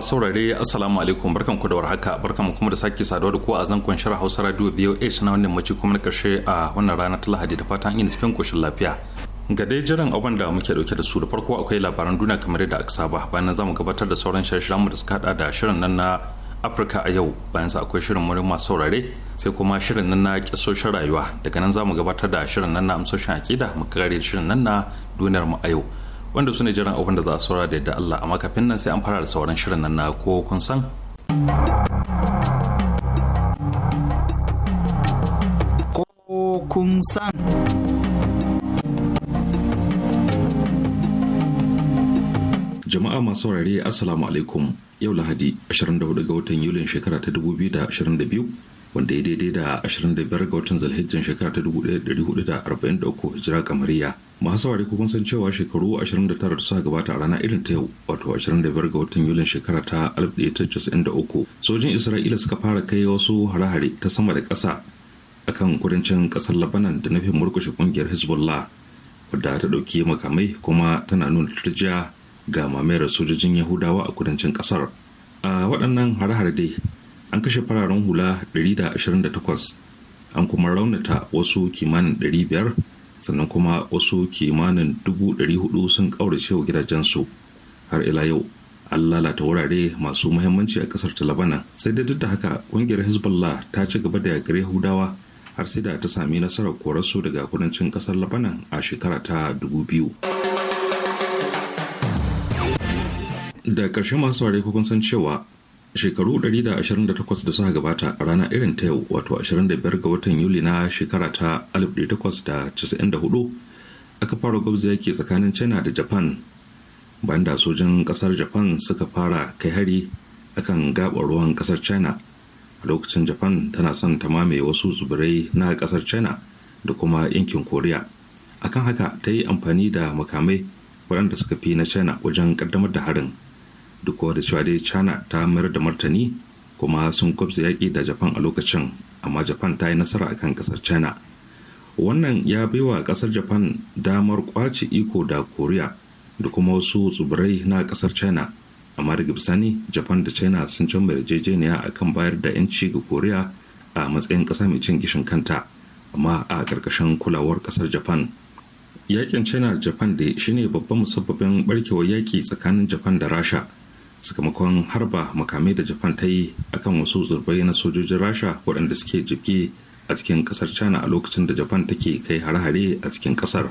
masu saurare assalamu alaikum barkan ku da warhaka barkan mu kuma da sake saduwa da ku a zankon shirin Hausa Radio VOH na wannan mace kuma na karshe a wannan rana ta Lahadi da fatan yin cikin koshin lafiya. Ga dai jiran abin da muke dauke da su da farko akwai labaran duniya kamar da aka saba bayan nan zamu gabatar da sauran shirin mu da suka hada da shirin nan na Afirka a yau bayan sa akwai shirin murin masu saurare sai kuma shirin nan na kisoshin rayuwa daga nan zamu gabatar da shirin nan na amsoshin akida mu kare shirin nan na duniyar mu a yau. wanda su ne jiran abin da za su da yadda Allah amma kafin nan sai an fara da sauran shirin nan na ko kun san. Ko kun san. Jama'a masu saurare Assalamu alaikum yau Lahadi 24 ga watan Yulin shekara ta 2022 wanda ya daidai da 25 ga watan zalhijjan shekara ta 1443 hijira kamariya masu saurari kuma san cewa shekaru 29 da suka gabata a rana irin ta yau wato 25 ga watan yulin shekara ta 1993 sojin isra'ila suka fara kai wasu hare-hare ta sama da ƙasa akan kudancin ƙasar labanan da nufin murkushe ƙungiyar hezbollah wadda ta ɗauki makamai kuma tana nuna turjiya ga mamayar sojojin yahudawa a kudancin ƙasar a waɗannan hare-hare dai an kashe fararen hula 128 an kuma raunata wasu kimanin 500 sannan kuma wasu kimanin 400 sun ƙaurace wa gidajensu har ila yau an lalata wurare masu muhimmanci a kasar talabana sai dai duk da haka ƙungiyar hezbollah ta ci gaba da gare hudawa har sai da ta sami nasarar korarsu daga kudancin kasar labanan a shekara ta 2000 da karshe masu ware kun san cewa shekaru 128 da suka gabata a rana irin ta yau wato 25 ga watan yuli na shekara ta 1894 aka fara gwabza yaki tsakanin china da japan bayan da sojin kasar japan suka fara kai hari akan gabar ruwan kasar china a lokacin japan tana son ta mame wasu tsibirai na kasar china da kuma yankin koriya akan haka ta yi amfani da makamai waɗanda suka fi na china wajen ƙaddamar da harin duk da cewa dai china ta mayar da martani kuma sun kwabza yaƙi da japan a lokacin amma japan ta yi nasara akan ƙasar china wannan ya baiwa ƙasar japan damar kwace iko da koriya da kuma wasu tsibirai na ƙasar china amma daga bisani japan da china sun canza yarjejeniya a kan bayar da 'yanci ga koriya a matsayin ƙasa mai cin gishin kanta amma a ƙarƙashin kulawar ƙasar japan yaƙin china da japan da shine babban musabbabin barkewar yaƙi tsakanin japan da rasha sakamakon harba makamai da japan ta yi akan wasu tsirbai na sojojin rasha waɗanda suke jiki a cikin kasar china a lokacin da japan take kai hare-hare a cikin kasar.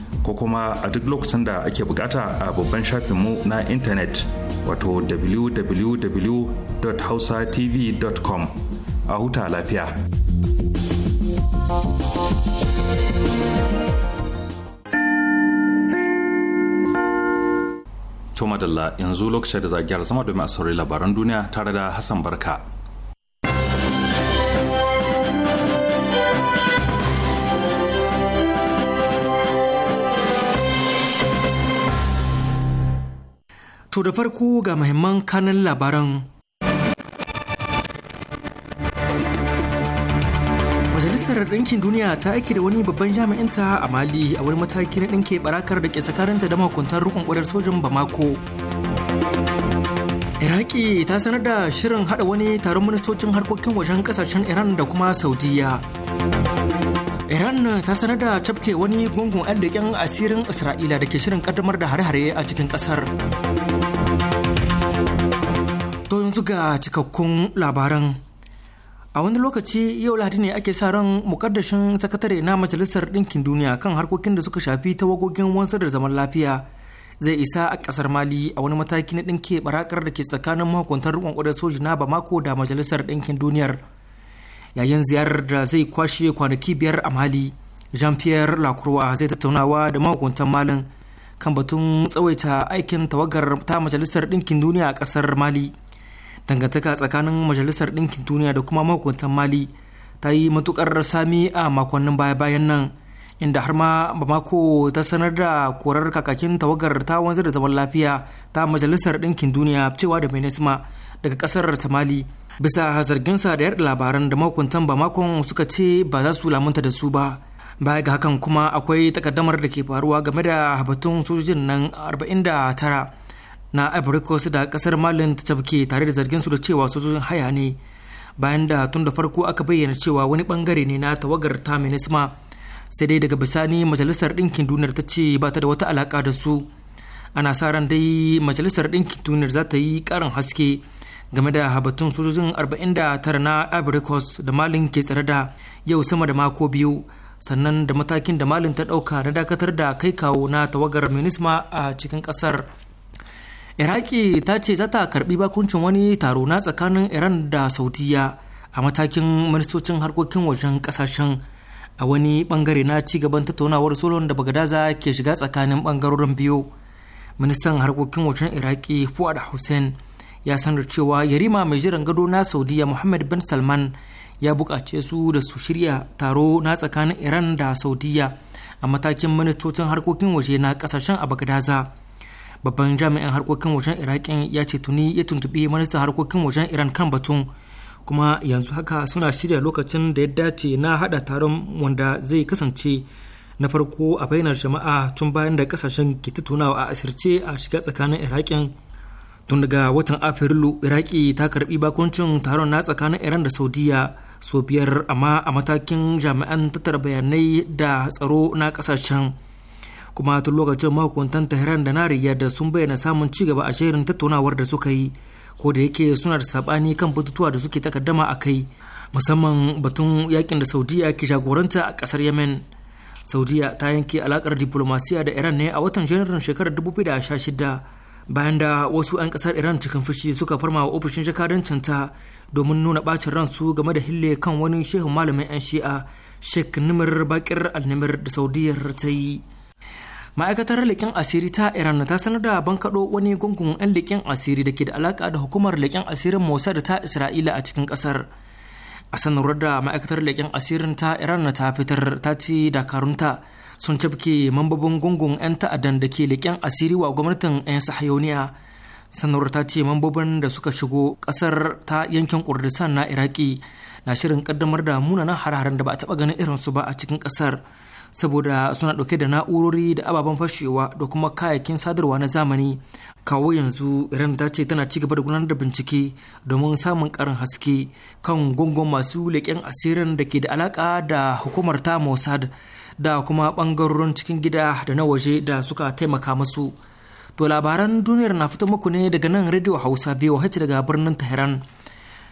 ko kuma a duk lokacin da ake bukata a babban mu na intanet wato www.hausatv.com a huta lafiya. Tuma yanzu lokacin da zagiyar zama domin a saurari labaran duniya tare da Hassan Barka. To da farko ga mahimman kanan labaran. Majalisar Ɗinkin Duniya ta aiki da wani babban jami'inta a Mali a wani mataki na ɗinke barakar da ke tsakaninta da mahukuntar rukun ƙwarar sojin Bamako. Iraki ta sanar da shirin haɗa wani taron ministocin harkokin wajen ƙasashen Iran da kuma Saudiyya. Iran ta sanar da cafke wani gungun 'yan leƙen asirin Isra'ila da ke shirin kaddamar da hare-hare a cikin ƙasar. To yanzu ga cikakkun labaran. A wani lokaci yau Lahadi ne ake sa ran mukaddashin sakatare na Majalisar Ɗinkin Duniya kan harkokin da suka shafi ta tawagogin wansar da zaman lafiya zai isa a ƙasar Mali a wani mataki na ɗinke barakar da ke tsakanin mahukuntar riƙon soji na Bamako da Majalisar Ɗinkin Duniyar. yayin ziyarar da zai kwashe kwanaki biyar a mali jean pierre lacroix zai tattaunawa da mahukuntan malin kan batun tsawaita aikin tawagar ta majalisar ɗinkin duniya a ƙasar mali dangantaka tsakanin majalisar ɗinkin duniya da kuma mahukuntan mali ta yi matukar sami a makonnin baya-bayan nan inda har ma mako ta sanar da korar kakakin tawagar ta wanzar da zaman lafiya ta majalisar ɗinkin duniya cewa da minisma daga ƙasar ta mali bisa zargin sa da yada labaran da mahukuntan ba makon suka ce ba za su lamunta da su ba baya ga hakan kuma akwai takaddamar da ke faruwa game da batun sojojin nan 49 na ivory da kasar malin ta tabke tare da zargin su da cewa sojojin haya ne bayan da tun da farko aka bayyana cewa wani bangare ne na tawagar ta minisma sai dai daga bisani majalisar ɗinkin duniyar ta ce ba ta da wata alaka da su ana sa ran dai majalisar ɗinkin duniyar za ta yi ƙarin haske game da batun sojojin 49 na Coast da malin ke tsare da yau sama da mako biyu sannan da matakin da malin ta dauka na dakatar da kai kawo na tawagar minisma a cikin kasar. iraki ta ce za karbi bakuncin wani taro na tsakanin iran da sautiya a matakin ministocin harkokin wajen kasashen a wani bangare na ci gaban tattaunawar solon da bagadaza ke shiga tsakanin bangarorin biyu ministan harkokin wajen iraki fuad hussein ya sanar cewa yarima mai jiran gado na saudiya muhammad bin salman ya buƙace su da su shirya taro na tsakanin iran da saudiya a matakin ministocin harkokin waje na kasashen a bagdaza babban jami'in harkokin wajen iraƙin ya ce tuni ya tuntuɓi ministan harkokin wajen iran kan batun kuma yanzu haka suna shirya lokacin da ya dace na haɗa taron wanda zai kasance na farko a bainar jama'a tun bayan da kasashen ke tattaunawa a asirce a shiga tsakanin iraƙin tun daga watan afrilu iraki ta karbi bakuncin taron na tsakanin iran da saudiya so biyar amma a matakin jami'an tattara bayanai da tsaro na kasashen kuma tun lokacin mahukuntan tehran da na da sun bayyana samun ci gaba a shirin tattaunawar da suka yi ko da yake suna da sabani kan batutuwa da suke takaddama a kai musamman batun yakin da saudiya ke jagoranta a kasar yemen saudiya ta yanke alakar diplomasiya da iran ne a watan janairun shekarar 2016 bayan da wasu 'yan kasar iran cikin fushi suka farma wa ofishin jakadancin ta domin nuna bacin ransu game da hille kan wani shehun malamin 'yan shi'a sheikh nimir bakir al-nimir da saudiyar ta yi ma'aikatar leƙen asiri ta iran ta sanar da bankaɗo wani gungun 'yan leƙen asiri da ke da alaƙa da hukumar leƙen asirin mossad ta isra'ila a cikin ƙasar a sanarwar da ma'aikatar leƙen asirin ta iran ta fitar ta ci dakarunta sun cafke mambobin gungun 'yan ta'addan da ke leƙen asiri wa gwamnatin 'yan sahayoniya sanarwar ta ce mambobin da suka shigo ƙasar ta yankin kurdistan na iraki na shirin kaddamar da munanan har-haren da ba a taɓa ganin irinsu ba a cikin ƙasar saboda suna ɗauke da na'urori da ababen fashewa da kuma kayayyakin sadarwa na zamani kawo yanzu iran ta ce tana cigaba da gudanar da bincike domin samun karin haske kan gungun masu leƙen asirin da ke da alaƙa da hukumar ta mossad da kuma ɓangarorin cikin gida da na waje da suka taimaka masu. To labaran duniyar na fito muku ne daga nan Radio Hausa VOH daga birnin Tehran.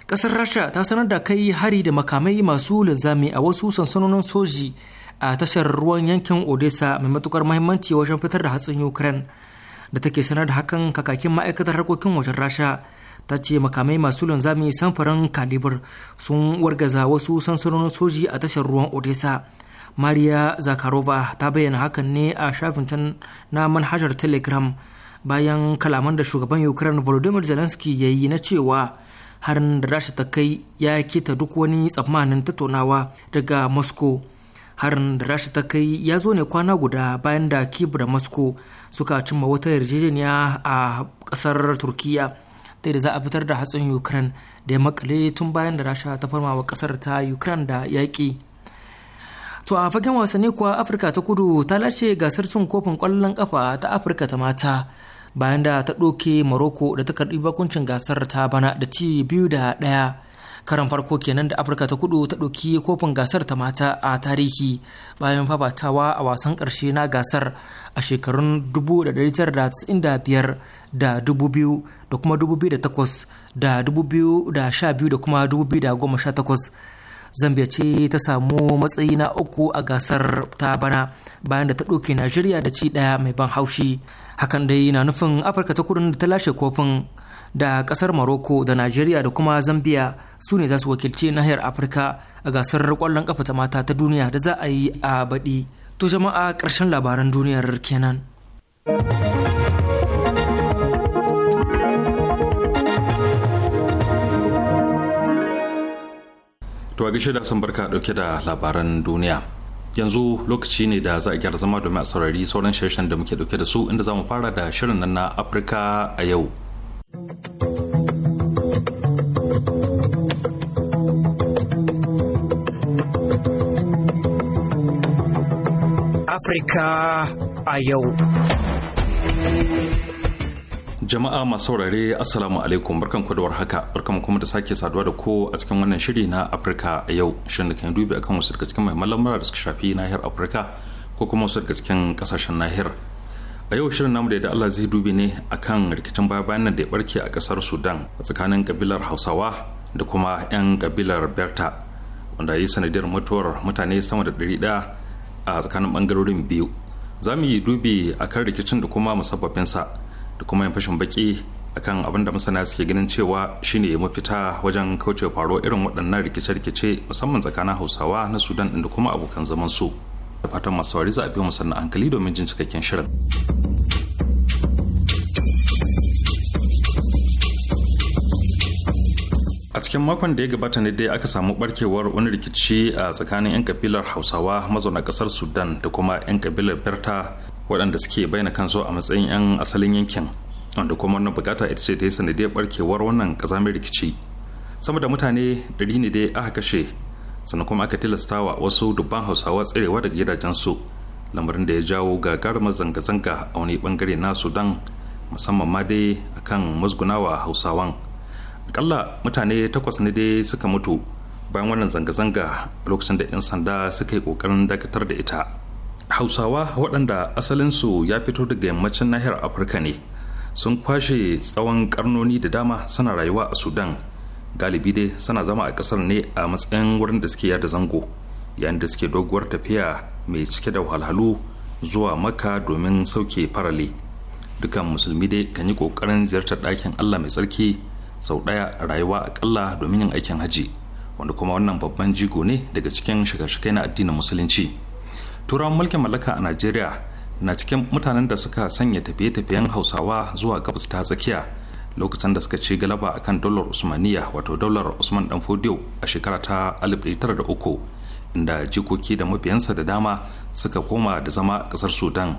Ƙasar Rasha ta sanar da kai hari da makamai masu linzami a wasu sansanonin soji a tashar ruwan yankin Odessa mai matukar mahimmanci wajen fitar da hatsin Ukraine. Da take sanar da hakan kakakin ma'aikatar harkokin wajen Rasha ta ce makamai masu linzami samfuran kalibir sun wargaza wasu sansanonin soji a tashar ruwan Odessa. maria Zakharova ta bayyana hakan ne a shafin na manhajar Telegram bayan kalaman da shugaban Ukraine Volodymyr Zelensky ya yi na cewa harin da Rasha ta kai ya keta duk wani tsammanin tattaunawa daga Moscow. Harin da Rasha ta kai ya zo ne kwana guda bayan da Kyiv da Moscow suka cimma wata yarjejeniya a ƙasar Turkiyya da za a fitar da hatsin Ukraine da ya makale tun bayan da Rasha ta farma wa ƙasar ta Ukraine da yaƙi. To a fagen wasanni kuwa Afirka ta kudu ta lashe gasar cin kofin ƙwallon ƙafa ta Afirka ta mata bayan da ta ɗoke Morocco da ta karɓi bakuncin gasar ta bana da ci biyu da ɗaya. Karan farko kenan da Afirka ta kudu ta ɗoki kofin gasar ta mata a tarihi bayan fafatawa a wasan ƙarshe na gasar a shekarun 1995 da 2000 da kuma 2008 da 2012 da kuma 2018 zambia ce ta samu matsayi na uku a gasar ta bana bayan da ta ɗauke najeriya da ci ɗaya mai ban haushi hakan dai na nufin afirka ta kudu da ta lashe kofin da kasar maroko da najeriya da kuma zambia su ne za su wakilci nahiyar afirka a gasar kwallon kafa ta mata ta duniya da za a yi a baɗi to jama'a ƙarshen labaran duniyar kenan. To a gishe da san barka dauke da labaran duniya. Yanzu lokaci ne da za a gyara zama domin a saurari sauran shirin da muke dauke da su inda za mu fara da shirin nan na Afirka a yau. Afirka a yau. jama'a masu saurare assalamu alaikum barkan ku da warhaka barkan kuma da sake saduwa da ko a cikin wannan shiri na afirka a yau shirin da kan dubi akan wasu daga cikin mai lamura da suka shafi nahiyar afirka ko kuma wasu daga cikin kasashen nahiyar a yau shirin namu da yadda allah zai dubi ne akan rikicin baya bayan da ya barke a kasar sudan a tsakanin kabilar hausawa da kuma 'yan kabilar berta wanda ya yi sanadiyar mutuwar mutane sama da ɗari ɗaya a tsakanin ɓangarorin biyu za mu yi dubi akan rikicin da kuma musabbabinsa da kuma yin fashin baki akan abin da masana suke ganin cewa shine mafita wajen kauce faro irin waɗannan rikice-rikice musamman tsakanin hausawa na sudan inda kuma abokan zaman su da fatan masu wari za a biyo musamman hankali domin jin cikakken shirin a cikin makon da ya gabata ne dai aka samu barkewar wani rikici a tsakanin 'yan kabilar hausawa mazauna kasar sudan da kuma 'yan kabilar berta waɗanda suke bayyana kansu a matsayin 'yan asalin yankin wanda kuma wannan bukata ita ce ta yi sanadiyar barkewar wannan kazamin rikici sama da mutane ɗari ne dai aka kashe sannan kuma aka tilasta wa wasu dubban hausawa tserewa daga gidajensu lamarin da ya jawo gagarumar zanga-zanga a wani bangare na sudan musamman ma dai akan musgunawa hausawan akalla mutane takwas ne dai suka mutu bayan wannan zanga-zanga lokacin da 'yan sanda suka yi kokarin dakatar da ita hausawa waɗanda asalinsu ya fito daga yammacin nahiyar afirka ne sun kwashe tsawon karnoni da dama suna rayuwa a sudan galibi dai suna zama a ƙasar ne a matsayin wurin da suke yada zango yayin da suke doguwar tafiya mai cike da wahalhalu zuwa maka domin sauke farale dukan musulmi dai kan yi ƙoƙarin ziyartar ɗakin allah mai tsarki sau ɗaya rayuwa aƙalla domin yin aikin haji wanda kuma wannan babban jigo ne daga cikin shiga-shigai na addinin musulunci turawan mulkin mallaka a najeriya na cikin mutanen da suka sanya tafiye-tafiyen hausawa zuwa gabas ta tsakiya lokacin da suka ci galaba akan daular usmaniya wato Dolar usman dan fodiyo a shekara ta uku. inda jikoki da mabiyansa da dama suka koma da zama kasar sudan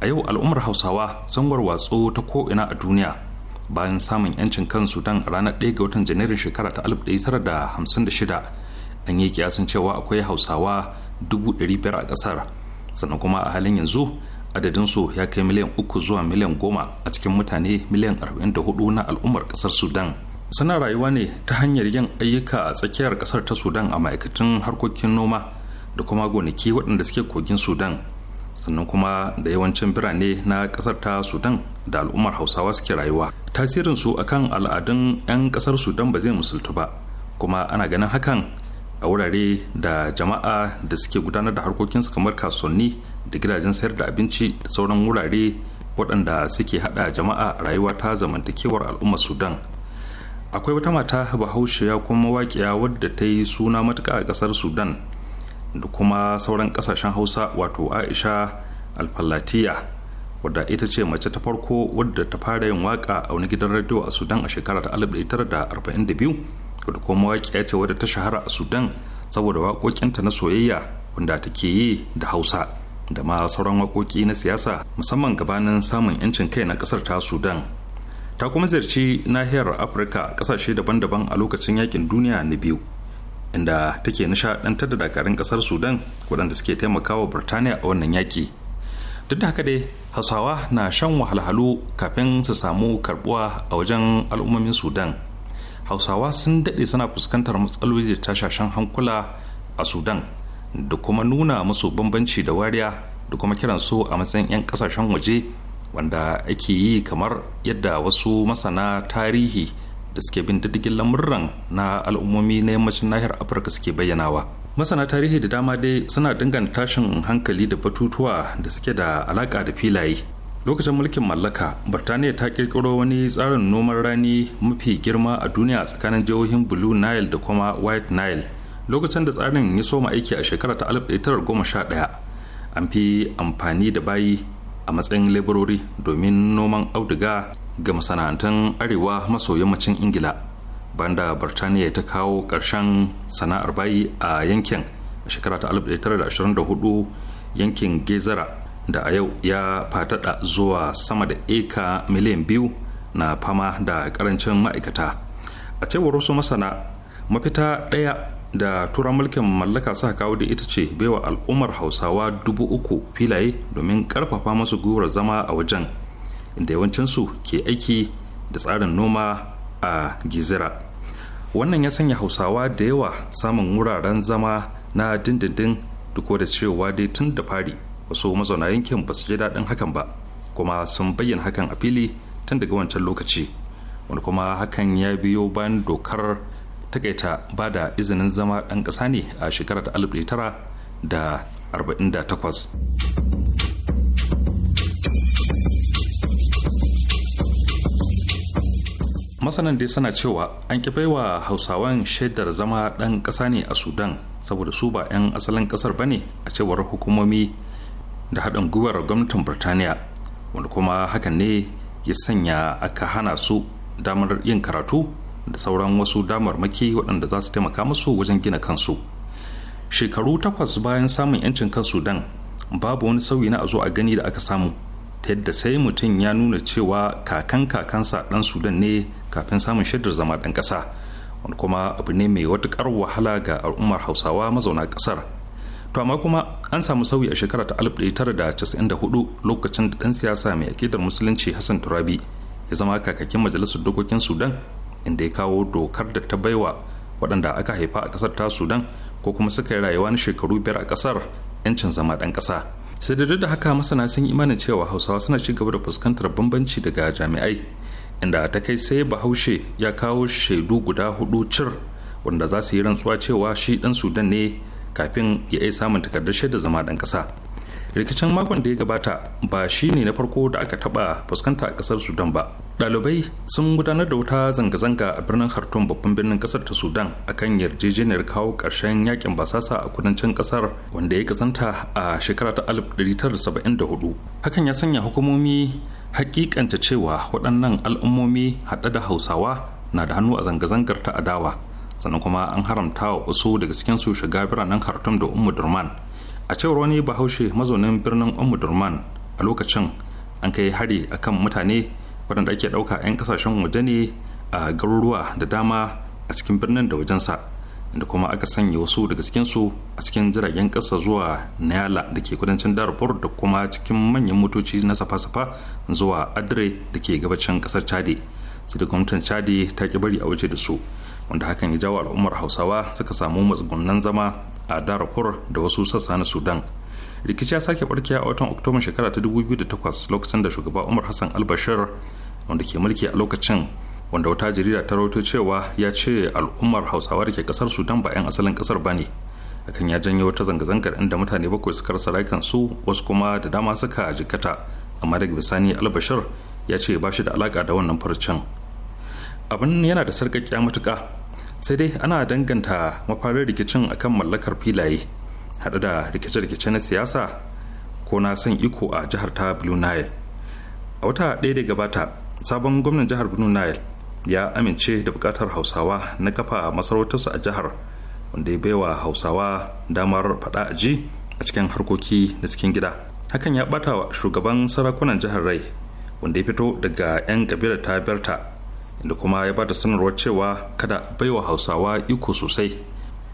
a yau al'ummar hausawa sun warwatsu ta ko'ina a duniya bayan samun 'yancin kan sudan a ranar 1 ga watan janairun shekara ta 1956 an yi kiyasin cewa akwai hausawa biyar a kasar sannan kuma a halin yanzu adadinsu ya kai miliyan uku zuwa miliyan goma a cikin mutane miliyan 44 na al'ummar kasar sudan suna rayuwa ne ta hanyar yin ayyuka a tsakiyar kasar ta sudan a ma'aikatan harkokin noma da kuma gonaki waɗanda suke kogin sudan sannan kuma da yawancin birane na kasar ta sudan da al'ummar hausawa suke rayuwa tasirinsu akan al'adun 'yan kasar sudan ba zai musultu ba kuma ana ganin hakan a wurare da jama'a da suke gudanar da harkokinsu kamar kasuwanni da gidajen sayar da abinci da sauran wurare waɗanda suke haɗa jama'a a rayuwa ta zamantakewar al'ummar sudan akwai wata mata bahaushe ya kuma mawaƙiya wadda ta yi suna matuka a ƙasar sudan da kuma sauran ƙasashen hausa wato aisha alfalatiya wadda ita ce mace ta farko wadda ta fara yin waƙa a wani gidan radio a sudan a shekarar 1942 da kuma waƙiya ce wadda ta shahara a sudan saboda waƙoƙinta na soyayya wanda take yi da hausa da ma sauran waƙoƙi na siyasa musamman gabanin samun 'yancin kai na ƙasar ta sudan ta kuma ziyarci nahiyar afirka ƙasashe daban-daban a lokacin yakin duniya na biyu inda take nishaɗantar da dakarun ƙasar sudan waɗanda suke taimakawa birtaniya a wannan yaƙi duk da haka dai hausawa na shan wahalhalu kafin su samu karbuwa a wajen al'ummomin sudan hausawa sun daɗe suna fuskantar matsaloli da tashashen hankula a sudan da kuma nuna musu bambanci da wariya da kuma kiran su a matsayin 'yan kasashen waje wanda ake yi kamar yadda wasu masana tarihi da suke bin diddigin lamurran na al'ummomi na yammacin nahiyar afirka suke bayyanawa masana tarihi da dama dai suna danganta tashin hankali da batutuwa da suke da alaka da filaye lokacin mulkin mallaka birtaniya ta kirkiro wani tsarin noman rani mafi girma a duniya tsakanin jihohin blue nile da kuma white nile lokacin da tsarin ya soma aiki a shekara ta 1911 an fi amfani da bayi a matsayin laborori domin noman auduga ga masana'antun arewa maso yammacin ingila banda birtaniya ta kawo ƙarshen sana'ar bayi a yankin a shekara ta 1924 yankin gezara da a yau ya fatada zuwa sama da eka miliyan biyu na fama da karancin ma'aikata a cewar wasu masana mafita ɗaya da turan mulkin mallaka sa kawo da ita ce baiwa al'ummar hausawa dubu uku filaye domin karfafa masu gwiwar zama a wajen inda yawancinsu ke aiki da tsarin noma a gizira wannan ya sanya hausawa da yawa samun wuraren zama na dindindin duk da cewa dai tun da fari wasu mazauna yankin ba su ji daɗin hakan ba kuma sun bayyana hakan a fili tun daga wancan lokaci wani kuma hakan ya biyo bayan dokar takaita ba da izinin zama ɗan ƙasa ne a shekarar da takwas masanan dai suna cewa an ki baiwa hausawan shaidar zama ɗan ƙasa ne a sudan saboda su ba 'yan asalin ƙasar ba ne a cewar hukumomi da haɗin gwiwar gwamnatin burtaniya wanda kuma hakan ne ya sanya aka hana su damar yin karatu da sauran wasu damar maki waɗanda za su taimaka musu wajen gina kansu shekaru takwas bayan samun 'yancin kan sudan babu wani sauyi na a zo a gani da aka samu ta yadda sai mutum ya nuna cewa kakan kakansa ɗan sudan ne kafin samun shaidar zama ɗan ƙasa wani kuma abu ne mai watukar wahala ga al'ummar hausawa mazauna ƙasar to amma kuma an samu sauyi a shekara ta 1994 lokacin da dan siyasa mai akidar musulunci hassan turabi ya zama kakakin majalisar dokokin sudan inda ya kawo dokar da ta baiwa waɗanda aka haifa a kasar ta sudan ko kuma suka yi rayuwa na shekaru biyar a ƙasar 'yancin zama ɗan ƙasa sai da haka masana sun imanin cewa hausawa suna ci gaba da fuskantar bambanci daga jami'ai inda ta kai sai bahaushe ya kawo shaidu guda hudu cir wanda za su yi rantsuwa cewa shi dan sudan ne kafin ya yi samun takardar shaidar zama ɗan ƙasa rikicin makon da ya gabata ba shi ne na farko da aka taɓa fuskanta a ƙasar sudan ba ɗalibai sun gudanar da wuta zanga-zanga a birnin khartoum babban birnin ƙasar ta sudan akan yarjejeniyar kawo karshen yakin basasa a kudancin ƙasar wanda ya kasanta a shekara ta 1974 hakan ya sanya hukumomi hakikanta cewa waɗannan al'ummomi haɗe da hausawa na da hannu a zanga-zangar ta adawa sannan kuma an haramta wa wasu daga cikinsu shiga biranen khartoum da ummu durman a cewar wani bahaushe mazaunin birnin ummu durman a lokacin an kai hari a kan mutane waɗanda ake ɗauka 'yan ƙasashen waje ne a garuruwa da dama a cikin birnin da wajensa da kuma aka sanya wasu daga su a cikin jiragen ƙasa zuwa nayala da ke kudancin darfur da kuma cikin manyan motoci na safa-safa zuwa adre da ke gabacin ƙasar chadi sai da gwamnatin chadi ta ki bari a waje da su wanda hakan ya jawo al'ummar hausawa suka samu matsugunan zama a darfur da wasu sassa na sudan rikici ya sake barkiya a watan oktoba shekara ta 2008 lokacin da shugaba umar hassan albashir wanda ke mulki a lokacin wanda wata jarida ta rawaito cewa ya ce al'ummar hausawa da ke kasar sudan ba 'yan asalin kasar ba ne akan ya janyo wata zanga-zangar inda mutane bakwai suka rasa su wasu kuma da dama suka jikata amma daga bisani albashir ya ce ba shi da alaka da wannan farcen abin yana da sarƙaƙiya matuka. sai dai ana danganta mafarin rikicin akan mallakar filaye hada da rikice-rikice na siyasa ko na son iko a jihar ta blue nile a wata ɗaya da gabata sabon gwamnan jihar blue nile ya amince da bukatar hausawa na kafa masarautarsu a jihar wanda ya baiwa hausawa damar faɗa a ji a cikin harkoki na cikin gida hakan ya ɓata wa shugaban sarakunan jihar rai wanda ya fito daga 'yan kabilar ta berta da kuma ya ba da sanarwar cewa kada baiwa hausawa iko sosai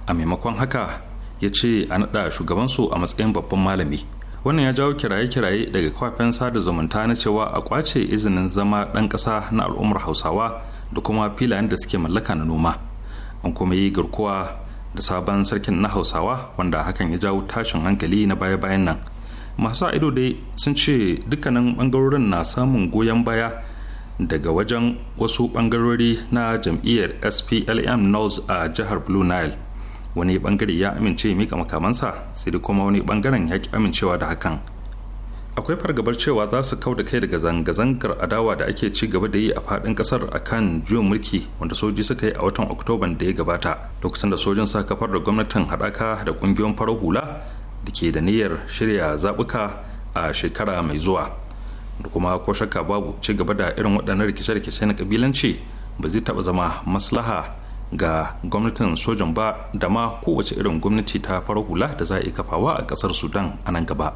a maimakon haka ya ce a naɗa shugabansu a matsayin babban malami wannan ya jawo kiraye-kiraye daga kwafen sada zumunta na cewa a kwace izinin zama ɗan ƙasa na al'ummar hausawa da kuma filayen da suke mallaka na noma an kuma yi garkuwa da sabon sarkin na hausawa wanda hakan ya jawo tashin hankali na baya-bayan nan masu ido dai sun ce dukkanin bangarorin na samun goyon baya daga wajen wasu bangarori na jam'iyyar splm north a jihar blue nile wani bangare ya amince mika makamansa sai da kuma wani bangaren ya ki amincewa da hakan akwai fargabar cewa za su kau da kai daga zanga-zangar adawa da ake ci gaba da yi a fadin kasar kan juyin mulki wanda soji suka yi a watan oktoban da ya gabata lokacin da sojin sa kafar da gwamnatin haɗaka da ƙungiyoyin farar hula da ke da niyyar shirya zaɓuka a shekara mai zuwa da kuma ko shakka babu ci gaba da irin waɗannan rikice-rikice na kabilanci ba zai taɓa zama maslaha ga gwamnatin sojan ba da ma kowace irin gwamnati ta fara hula da za a yi kafawa a ƙasar sudan a nan gaba.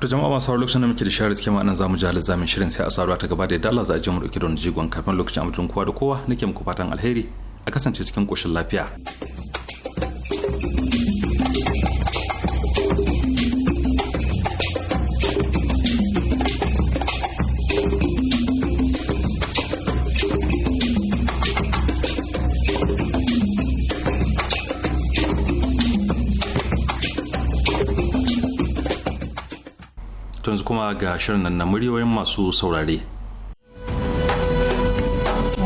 da jama'a masu hauwa lokacin da muke da share cikin ma'anar zamu ji zamin shirin sai a saruwa ta gaba da ya dala za a je mu dauki don jigon kafin lokacin abincin kowa da kowa nake muku fatan alheri a kasance cikin ƙoshin lafiya. kuma ga shirin nan na muryoyin masu saurare.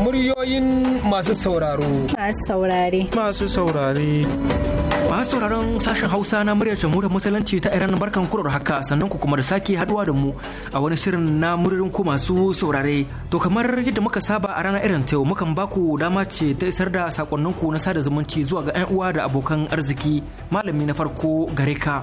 Muryoyin masu sauraro. Masu saurare. Masu saurare. masu sauraron sashen hausa na muryar jamhuriyar musulunci ta iran barkan kurar haka sannan ku kuma da sake haduwa da mu a wani shirin na muryoyin ku masu saurare to kamar yadda muka saba a ranar irin ta mukan baku dama ce ta isar da sakonninku na sada zumunci zuwa ga yan uwa da abokan arziki malami na farko gare ka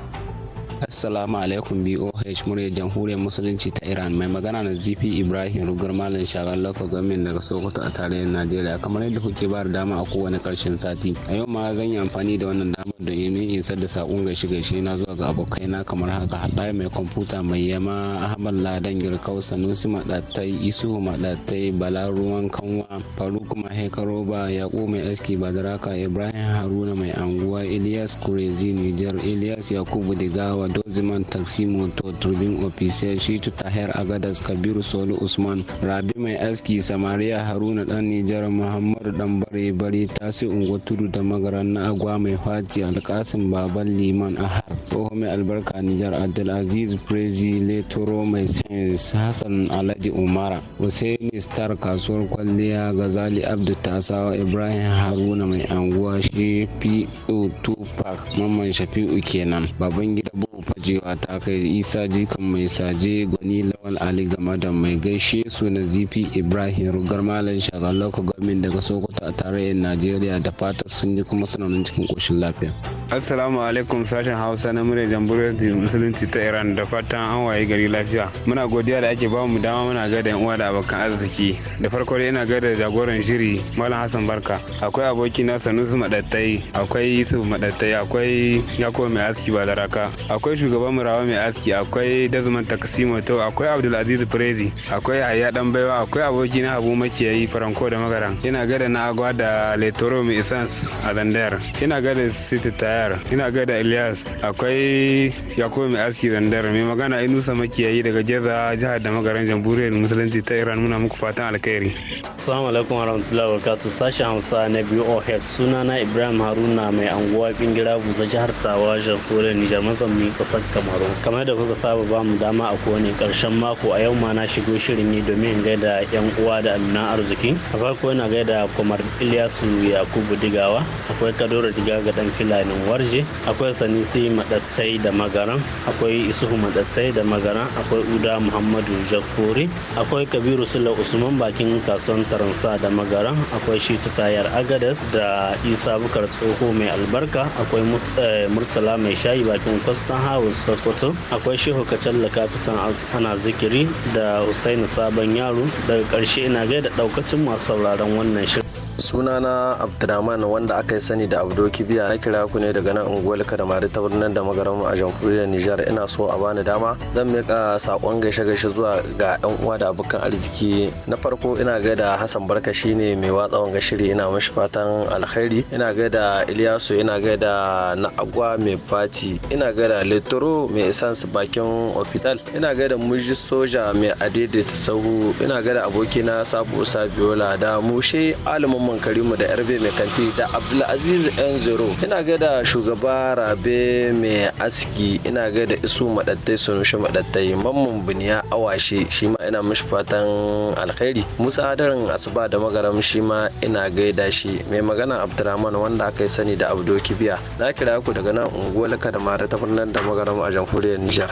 Assalamu alaikum BOH murya jamhuriyar musulunci ta Iran mai magana na ZP Ibrahim Rugar Malam Shagar Local Government daga Sokoto a tarayyar Najeriya kamar yadda kuke ba da dama a kowane karshen sati. A yau ma zan yi amfani da wannan damar da yin isar da sakon gaishe gaishe na zuwa ga abokaina kamar haka haɗa mai kwamfuta mai yama Ahmad Ladan Girkau Sanusi Maɗatai Isu Maɗatai Bala Ruwan Kanwa Faruk mahekaroba Roba Yaƙo Mai Aski Badaraka Ibrahim Haruna Mai Anguwa Ilyas Kurezi Nijar Ilyas Yakubu Digawa doziman taxi moto turbin official shitu tahir agadas kabiru solu usman rabi mai aski samariya haruna dan nijar muhammadu dan bare bare tasi ungo tudu da magaran na agwa mai faji alkasim baban liman ahar tsoho mai albarka nijar abdulaziz prezi letoro mai sains hassan alhaji umara hussaini star kasuwar kwalliya gazali abdu tasawa ibrahim haruna mai anguwa shi po2 park mamman shafi'u kenan baban gida fajewa ta kai isa jikan mai saje gwani lawal ali gama da mai gaishe su na zifi ibrahim rugar malam shagar local government daga sokoto a tarayyar najeriya da fata sun yi kuma suna nan cikin koshin lafiya assalamu alaikum sashen hausa na murya jamhuriyar musulunci ta iran da fatan an waye gari lafiya muna godiya da ake bamu dama muna gaida uwa da abokan arziki da farko dai ina gaida jagoran shiri malam hassan barka akwai aboki na sanusu madattai akwai yusuf madattai akwai yako mai aski ba da raka akwai shugaban murawa mai aski akwai dazuman takasimoto akwai abdulaziz firezi akwai yahaya dan baiwa akwai abokina abu makiyayi faranko da magaran ina gada na agwa da letoro mai isans a zandayar ina gada city tayar ina gada ilyas akwai yakubu mai aski zandayar mai magana inusa makiyayi daga jeza jihar da magaran jamhuriyar musulunci ta iran muna muku fatan alkhairi assalamu alaikum wa barakatu sashi hamsa na biyu suna sunana ibrahim haruna mai anguwa bingira buza jihar tawa jamhuriyar nijar mazamni kasar kamaru kamar da kuka saba ba mu dama a kowane karshen mako a yau ma na shigo shirin ne domin in gaida yan uwa da amina arziki a farko yana gaida kwamar iliyasu yakubu digawa akwai kadoro diga ga dan filanin warje akwai sanisi madattai da magaran akwai isuhu madattai da magaran akwai uda muhammadu jakuri akwai kabiru sula usman bakin kasuwan taransa da magaran akwai shi tayar agadas da isa bukar tsoho mai albarka akwai eh, murtala mai shayi bakin kwastan house sokoto akwai shehu kacal da kafisan ana Zikiri da Hussaini Sabon Yaro daga ƙarshe ina gaida ɗaukacin masu sauraron wannan shirin. sunana abdulrahman wanda aka yi sani da abdo kibiya na kira ku ne daga nan unguwar kadamari ta birnin da magaram a jamhuriyar nijar ina so a bani dama zan miƙa saƙon gaishe gaishe zuwa ga yan uwa da abokan arziki na farko ina da hassan barka shine mai watsa wanga shiri ina mashi fatan alkhairi ina da iliyasu ina da na agwa mai faci ina da letoro mai su bakin ofital ina da muji soja mai adaidaita sahu ina da abokina sabu sabiola da mushe alimin Umar karimu da yarbe mai kanti da abdulaziz yan zero ina da shugaba rabe mai aski ina gaida isu madattai sunushi madattai mamman biniya awashe shi ma ina mishi fatan alkhairi musa adarin asuba da magaram shi ma ina gaida shi mai magana abdurrahman wanda aka yi sani da abdo kibiya na kira ku daga nan unguwar Mara ta birnin da magaram a jamhuriyar nijar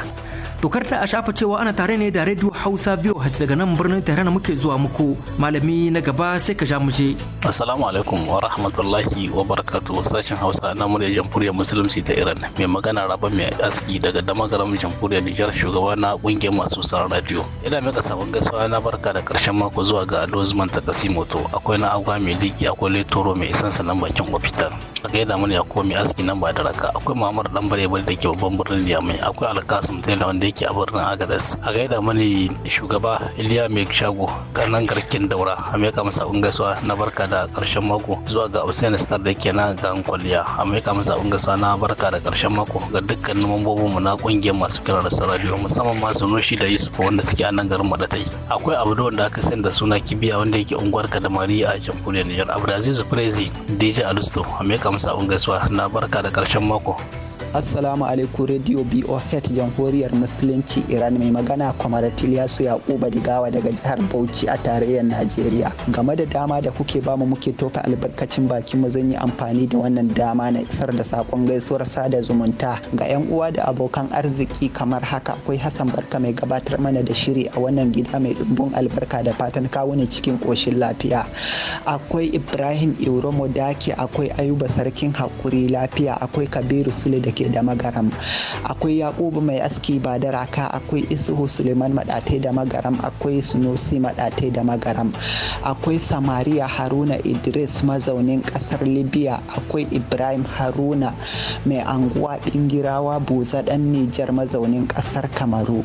To da a shafa cewa ana tare ne da Radio Hausa VOH daga nan birnin Tehran muke zuwa muku malami na gaba sai ka ja muje. je. Assalamu alaikum wa rahmatullahi wa barakatuh sashen Hausa na murya Jamhuriyar Musulunci ta Iran mai magana Rabah mai aski daga damagaram Jamhuriyar Nijar shugaba na kungiyar masu san radio. Ina mai sabon gaisuwa na barka da karshen mako zuwa ga Ado Usman ta Kasimoto akwai na Agwa mai liki akwai Letoro mai isan sanan bakin ofital. A gaida mun ya mai aski nan ba da raka akwai Muhammad Dambare da ke babban birnin Yamai akwai Alkasum Taylor wanda yake a birnin agadez a gaida mani shugaba iliya mai shago kanan garkin daura a maika masa ungaswa gaisuwa na barka da karshen mako zuwa ga usain star da ke na gan kwalliya a maika masa ungaswa na barka da karshen mako ga dukkanin mambobin mu na kungiyar masu kira da radio musamman masu noshi da yusuf wanda suke a nan garin madatai akwai abu da wanda aka sani da suna kibiya wanda yake unguwar kadamari a jamhuriyar nijar abdulaziz prezi dj alusto a maika masa ungaswa gaisuwa na barka da karshen mako assalamu alaikum radio boh jamhuriyar musulunci iran mai magana kwamar tiliyasu yakuba digawa daga jihar bauchi a tarayyar najeriya game da dama da kuke bamu muke tofa albarkacin bakin mu zan yi amfani da wannan dama na isar da sakon gaisuwar sada zumunta ga yan uwa da abokan arziki kamar haka akwai hassan barka mai gabatar mana da shiri a wannan gida mai dumbun albarka da fatan kawo ne cikin koshin lafiya akwai ibrahim iromo daki akwai ayuba sarkin hakuri lafiya akwai kabiru sule da suke da magaram akwai yakubu mai aski ba da raka akwai isuhu suleiman madatai da magaram akwai sunusi madatai da magaram akwai samariya haruna idris mazaunin kasar libya akwai ibrahim haruna mai anguwa dingirawa buza dan nijar mazaunin kasar kamaru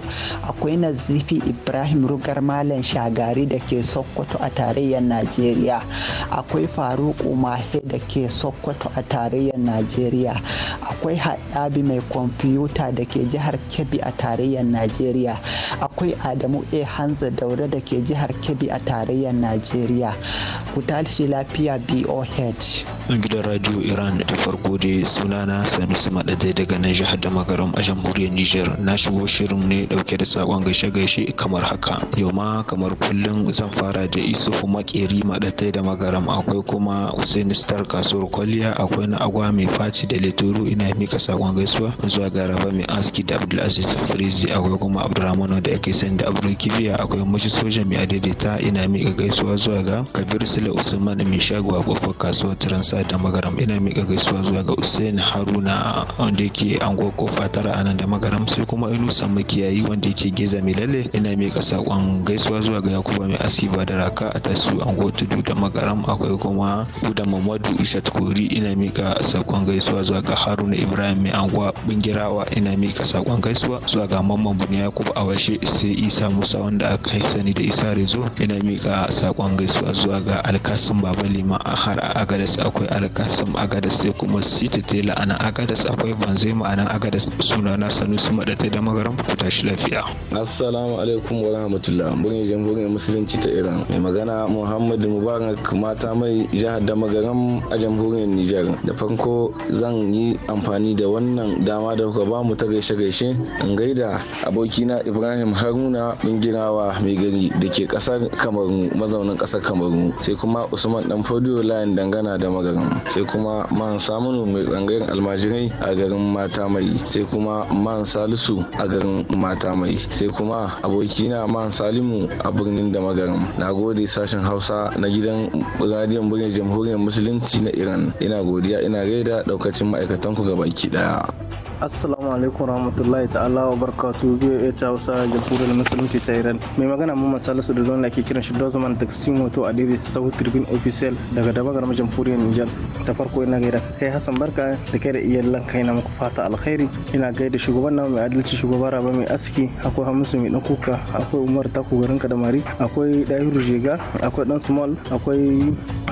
akwai nazifi ibrahim rugar malam shagari da ke sokoto a tarayyar najeriya akwai faruku mahe da ke sokoto a tarayyar najeriya akwai haɗabi mai kwamfuta da ke jihar kebbi a tarayyar najeriya akwai adamu a hanza daure da ke jihar kebbi a tarayyar najeriya ku tashi lafiya boh gidan radio iran da farko da sunana sanusi maɗaɗe daga nan jihar da magaram a jamhuriyar niger na shigo shirin ne ɗauke da sakon gaishe-gaishe kamar haka yau ma kamar kullum zan fara da isufu makeri maɗatai da magaram akwai kuma usaini kasuwar kwalliya akwai na agwa mai faci da leturu ina mika sakon gaisuwa zuwa ga raba mai aski da abdulaziz firizi akwai kuma Abdulrahman da ake sani da abdul kibiya akwai mashi soja mai adaidaita ina mika gaisuwa zuwa ga kabir sule usman mai shago a kofar kasuwar transa da magaram ina mika gaisuwa zuwa ga hussein haruna wanda yake anguwa kofa tara a nan da magaram sai kuma inusa makiyayi wanda yake geza mai lalle ina mika sakon gaisuwa zuwa ga yakuba mai aski ba da raka a tasu anguwa tudu da magaram akwai kuma uda mamadu ishat kori ina mika sakon gaisuwa zuwa ga haruna ibrahim mai anguwa bingirawa ina mika sakon gaisuwa zuwa ga mamman buniya yakubu awashe sai isa musa wanda aka kai sani da isa rezo ina mika sakon gaisuwa zuwa ga alkasim baba a har a agadas akwai alkasim agadas sai kuma city tela ana agadas akwai banzema ana agadas sunana sanusi madatai da magaram ku tashi lafiya assalamu alaikum wa rahmatullah burin jamhuriyar musulunci ta iran mai magana muhammadu mubarak mata mai jihar da magaram a jamhuriyar nijar da farko zan yi amfani amfani da wannan dama da kuka ba mu ta gaishe-gaishe in gaida abokina Ibrahim Haruna Bingirawa mai gari da ke ƙasar Kamaru mazaunin ƙasar Kamaru sai kuma Usman Dan Fodio Layin dangana da magarin sai kuma Man Samunu mai tsangayar almajirai a garin Mata Mai sai kuma Man Salisu a garin Mata Mai sai kuma abokina Man Salimu a birnin da magarin na gode sashen Hausa na gidan radiyon birnin jamhuriyar musulunci na Iran ina godiya ina gaida daukacin ma'aikatan ku gaba 一起来啊！assalamu alaikum rahmatullahi ta'ala wa barkatu biyu ya ta hausa jamhuriyar musulunci ta iran mai magana mu salisu da zon ake kiran shi dozuman taksi moto a dire ta tribune ofisiyal daga damagar jamhuriyar nijar ta farko ina gaida kai hassan barka da kai da iyalan kai na muku fata alkhairi ina gaida shugaban namu mai adalci shugaban raba mai aski akwai hamisu mai kuka akwai umar taku garin kadamari akwai dahiru jega akwai dan small akwai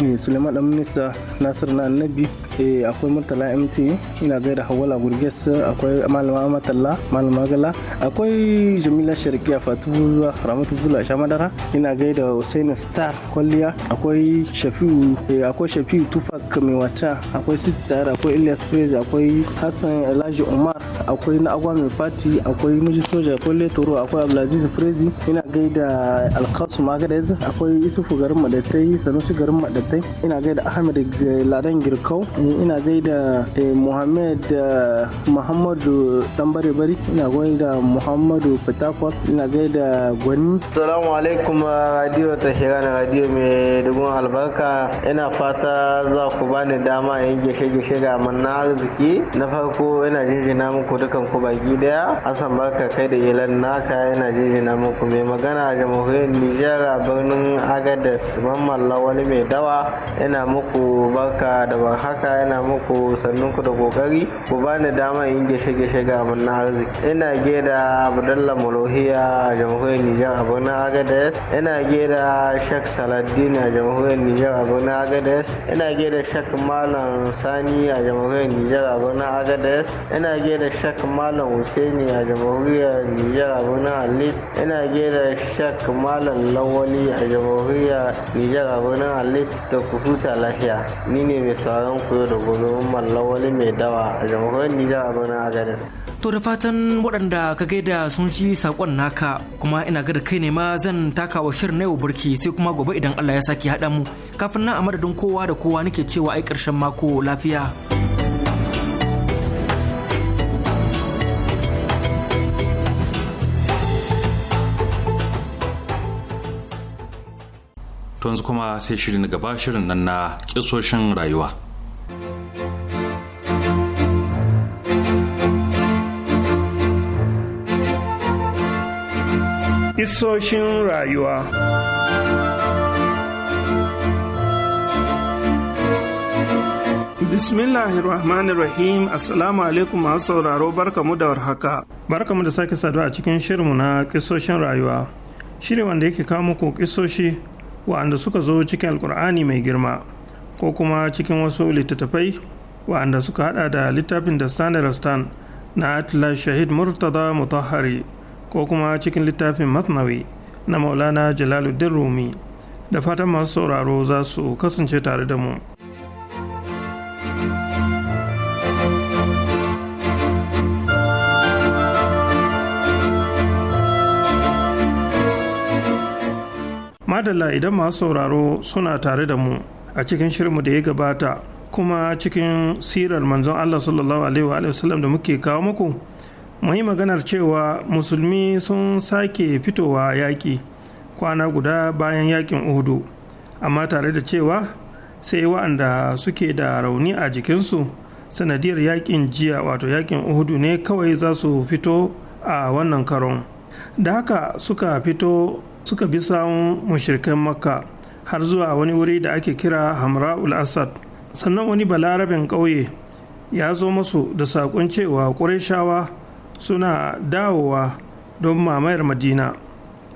eh, suleiman dan minista nasir na annabi eh, akwai murtala mt ina gaida hawala gurgesa akwai malama matalla malama gala akwai jamila sharkiya fatuwa ramatu bula sha madara ina gaida hussein star kwalliya akwai shafiu eh, akwai shafiu tufak mai wata akwai sitar akwai ilyas prez akwai hassan elaji umar akwai na agwa mai fati akwai miji soja akwai letoro akwai abdulaziz prezi ina gaida alkasu magadez akwai isufu garin madatai sanusi garin madatai ina gaida ahmed eh, ladan girkau ina gaida eh, muhammad muhammad muhammadu dan bari ina da muhammadu fitakwal ina da gwani salamu alaikum uh, radio ta radio mai dugun albarka ina fata za ku bani dama yin gishe-gishe ga manna arziki na farko ina jinjina muku dukan ku baki daya asan barka kai da yelan naka ina jinjina muku mai magana a jamhuriyar nijar a birnin agadas mamman lawali mai dawa ina muku barka da warhaka ina muku sannunku da kokari ku bani dama in gishe-gishe ga abin na arziki ina gida abdullah mulohiya a jamhuriyar nijar abin na agades ina gida shek Saladin a jamhuriyar nijar abin na agades ina gida shek malam sani a jamhuriyar nijar abin na agades ina gida shek malam husaini a jamhuriyar nijar abin na alif ina gida shek malam lawali a jamhuriyar nijar abin na alif da ku lafiya ni ne mai sauran koyo da gobe mallan mai dawa a jamhuriyar nijar na to da fatan waɗanda ka gaida sun ci saƙon naka kuma ina ga da kai ne ma zan taka wa shirin na yau burki sai kuma gobe idan Allah ya saki haɗa mu kafin nan a madadin kowa da kowa nake cewa ai ƙarshen mako lafiya To yanzu kuma sai shirin gaba shirin nan na kisoshin rayuwa. Isoshin rayuwa Bismillahirrahmanirrahim Assalamu alaikum masu sauraro barkamu da warhaka. Barkamu da sake saduwa a cikin shirinmu na kisoshin rayuwa. Shirin wanda yake kawo muku kisoshi wa'anda suka zo cikin alkur'ani mai girma ko kuma cikin wasu littattafai wa'anda suka hada da littafin da standard stand na Atlas Shahid Murtada Mutahari ko kuma cikin littafin masnawi na maulana jalaluddin rumi da fatan masu sauraro za su kasance tare da mu madalla idan masu sauraro suna tare da mu a cikin shirinmu da ya gabata kuma cikin sirar manzon allah sallallahu alaihi da muke kawo muku mun yi maganar cewa musulmi sun sake fitowa yaƙi kwana guda bayan yaƙin uhudu amma tare da cewa sai wa'anda suke da rauni a jikinsu sanadiyar yaƙin jiya wato yaƙin uhudu ne kawai za su fito a wannan karon da haka suka fito suka bi sawun mushirkan makka har zuwa wani wuri da ake kira hamra'ul asad sannan wani balarabin ƙauye ya zo masu da saƙon cewa ƙurashawa suna dawowa don mamayar madina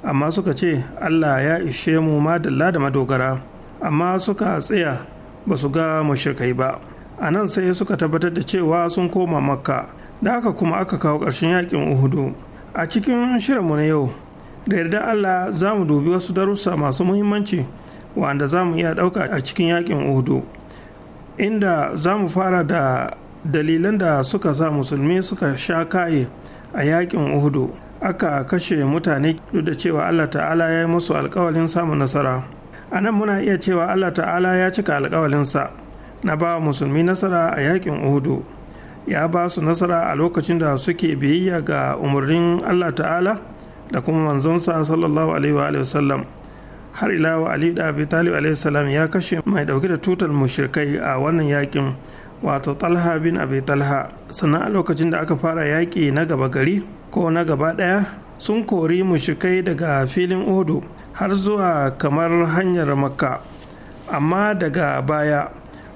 amma suka ce allah ya ishe mu madalla da madogara amma suka tsaya ba su ga mashirkai ba a nan sai suka tabbatar da cewa sun koma makka da haka kuma aka kawo ƙarshen yakin uhudu a cikin shirinmu na yau da yarda allah za mu dubi wasu darussa masu muhimmanci wanda za mu iya ɗauka a cikin yakin uhudu inda za mu fara da dalilan da suka sa musulmi suka sha kaye a yakin uhudu aka kashe mutane duk da cewa allah ta'ala ya yi musu alkawalin samun nasara a nan muna iya cewa allah ta'ala ya cika alkawalinsa na ba musulmi nasara a yakin uhudu ya ba su nasara a lokacin da suke biyayya ga umarnin allah ta'ala da kuma manzonsa sallallahu alaihi wa sallam har ilawa ali da abi alaihi salam ya kashe mai dauke da tutar mushrikai a wannan yakin wato talha bin abi talha sannan a lokacin da aka fara yaƙi na gaba gari ko na gaba ɗaya sun kori mushikai daga filin odo har zuwa kamar hanyar makka amma daga baya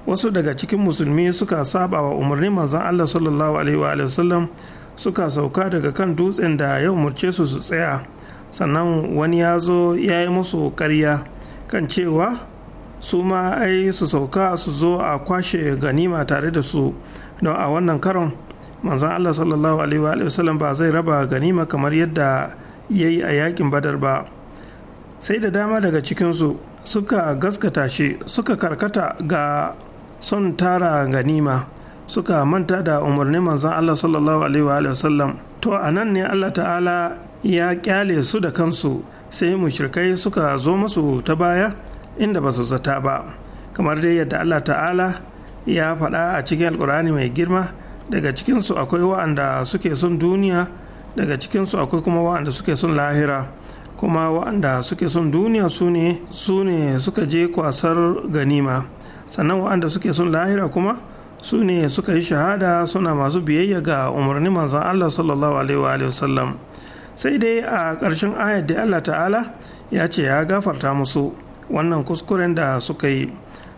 wasu daga cikin musulmi suka saba wa umarnin mazan allah sallallahu alaihi wa sallam suka sauka daga kan dutsen da ya umarce su su tsaya sannan wani ya zo ya yi musu karya kan cewa su ma ai su sauka su zo a kwashe ganima tare da su don a wannan karon manzan Allah sallallahu alaihi wa ba zai raba ganima kamar yadda ya yi a yakin badar ba sai da dama daga cikinsu suka gaskata shi suka karkata ga son tara ganima suka manta da umarnin manzan Allah sallallahu alaihi wa to a nan ne Allah ta'ala ya kyale su da kansu sai mushrikai suka zo masu ta baya inda ba su zata ba kamar dai yadda allah ta'ala ya faɗa a cikin alkur'ani mai girma daga cikinsu akwai wa'anda suke son duniya daga cikinsu akwai kuma wa'anda suke son lahira kuma wa'anda suke son duniya su ne su ne suka je kwasar ganima sannan wa'anda suke son lahira kuma su ne suka yi shahada suna masu biyayya ga umarni manzon allah sallallahu alaihi wa sallam sai dai a ƙarshen ayat da allah ta'ala ya ce ya gafarta musu wannan kuskuren da suka yi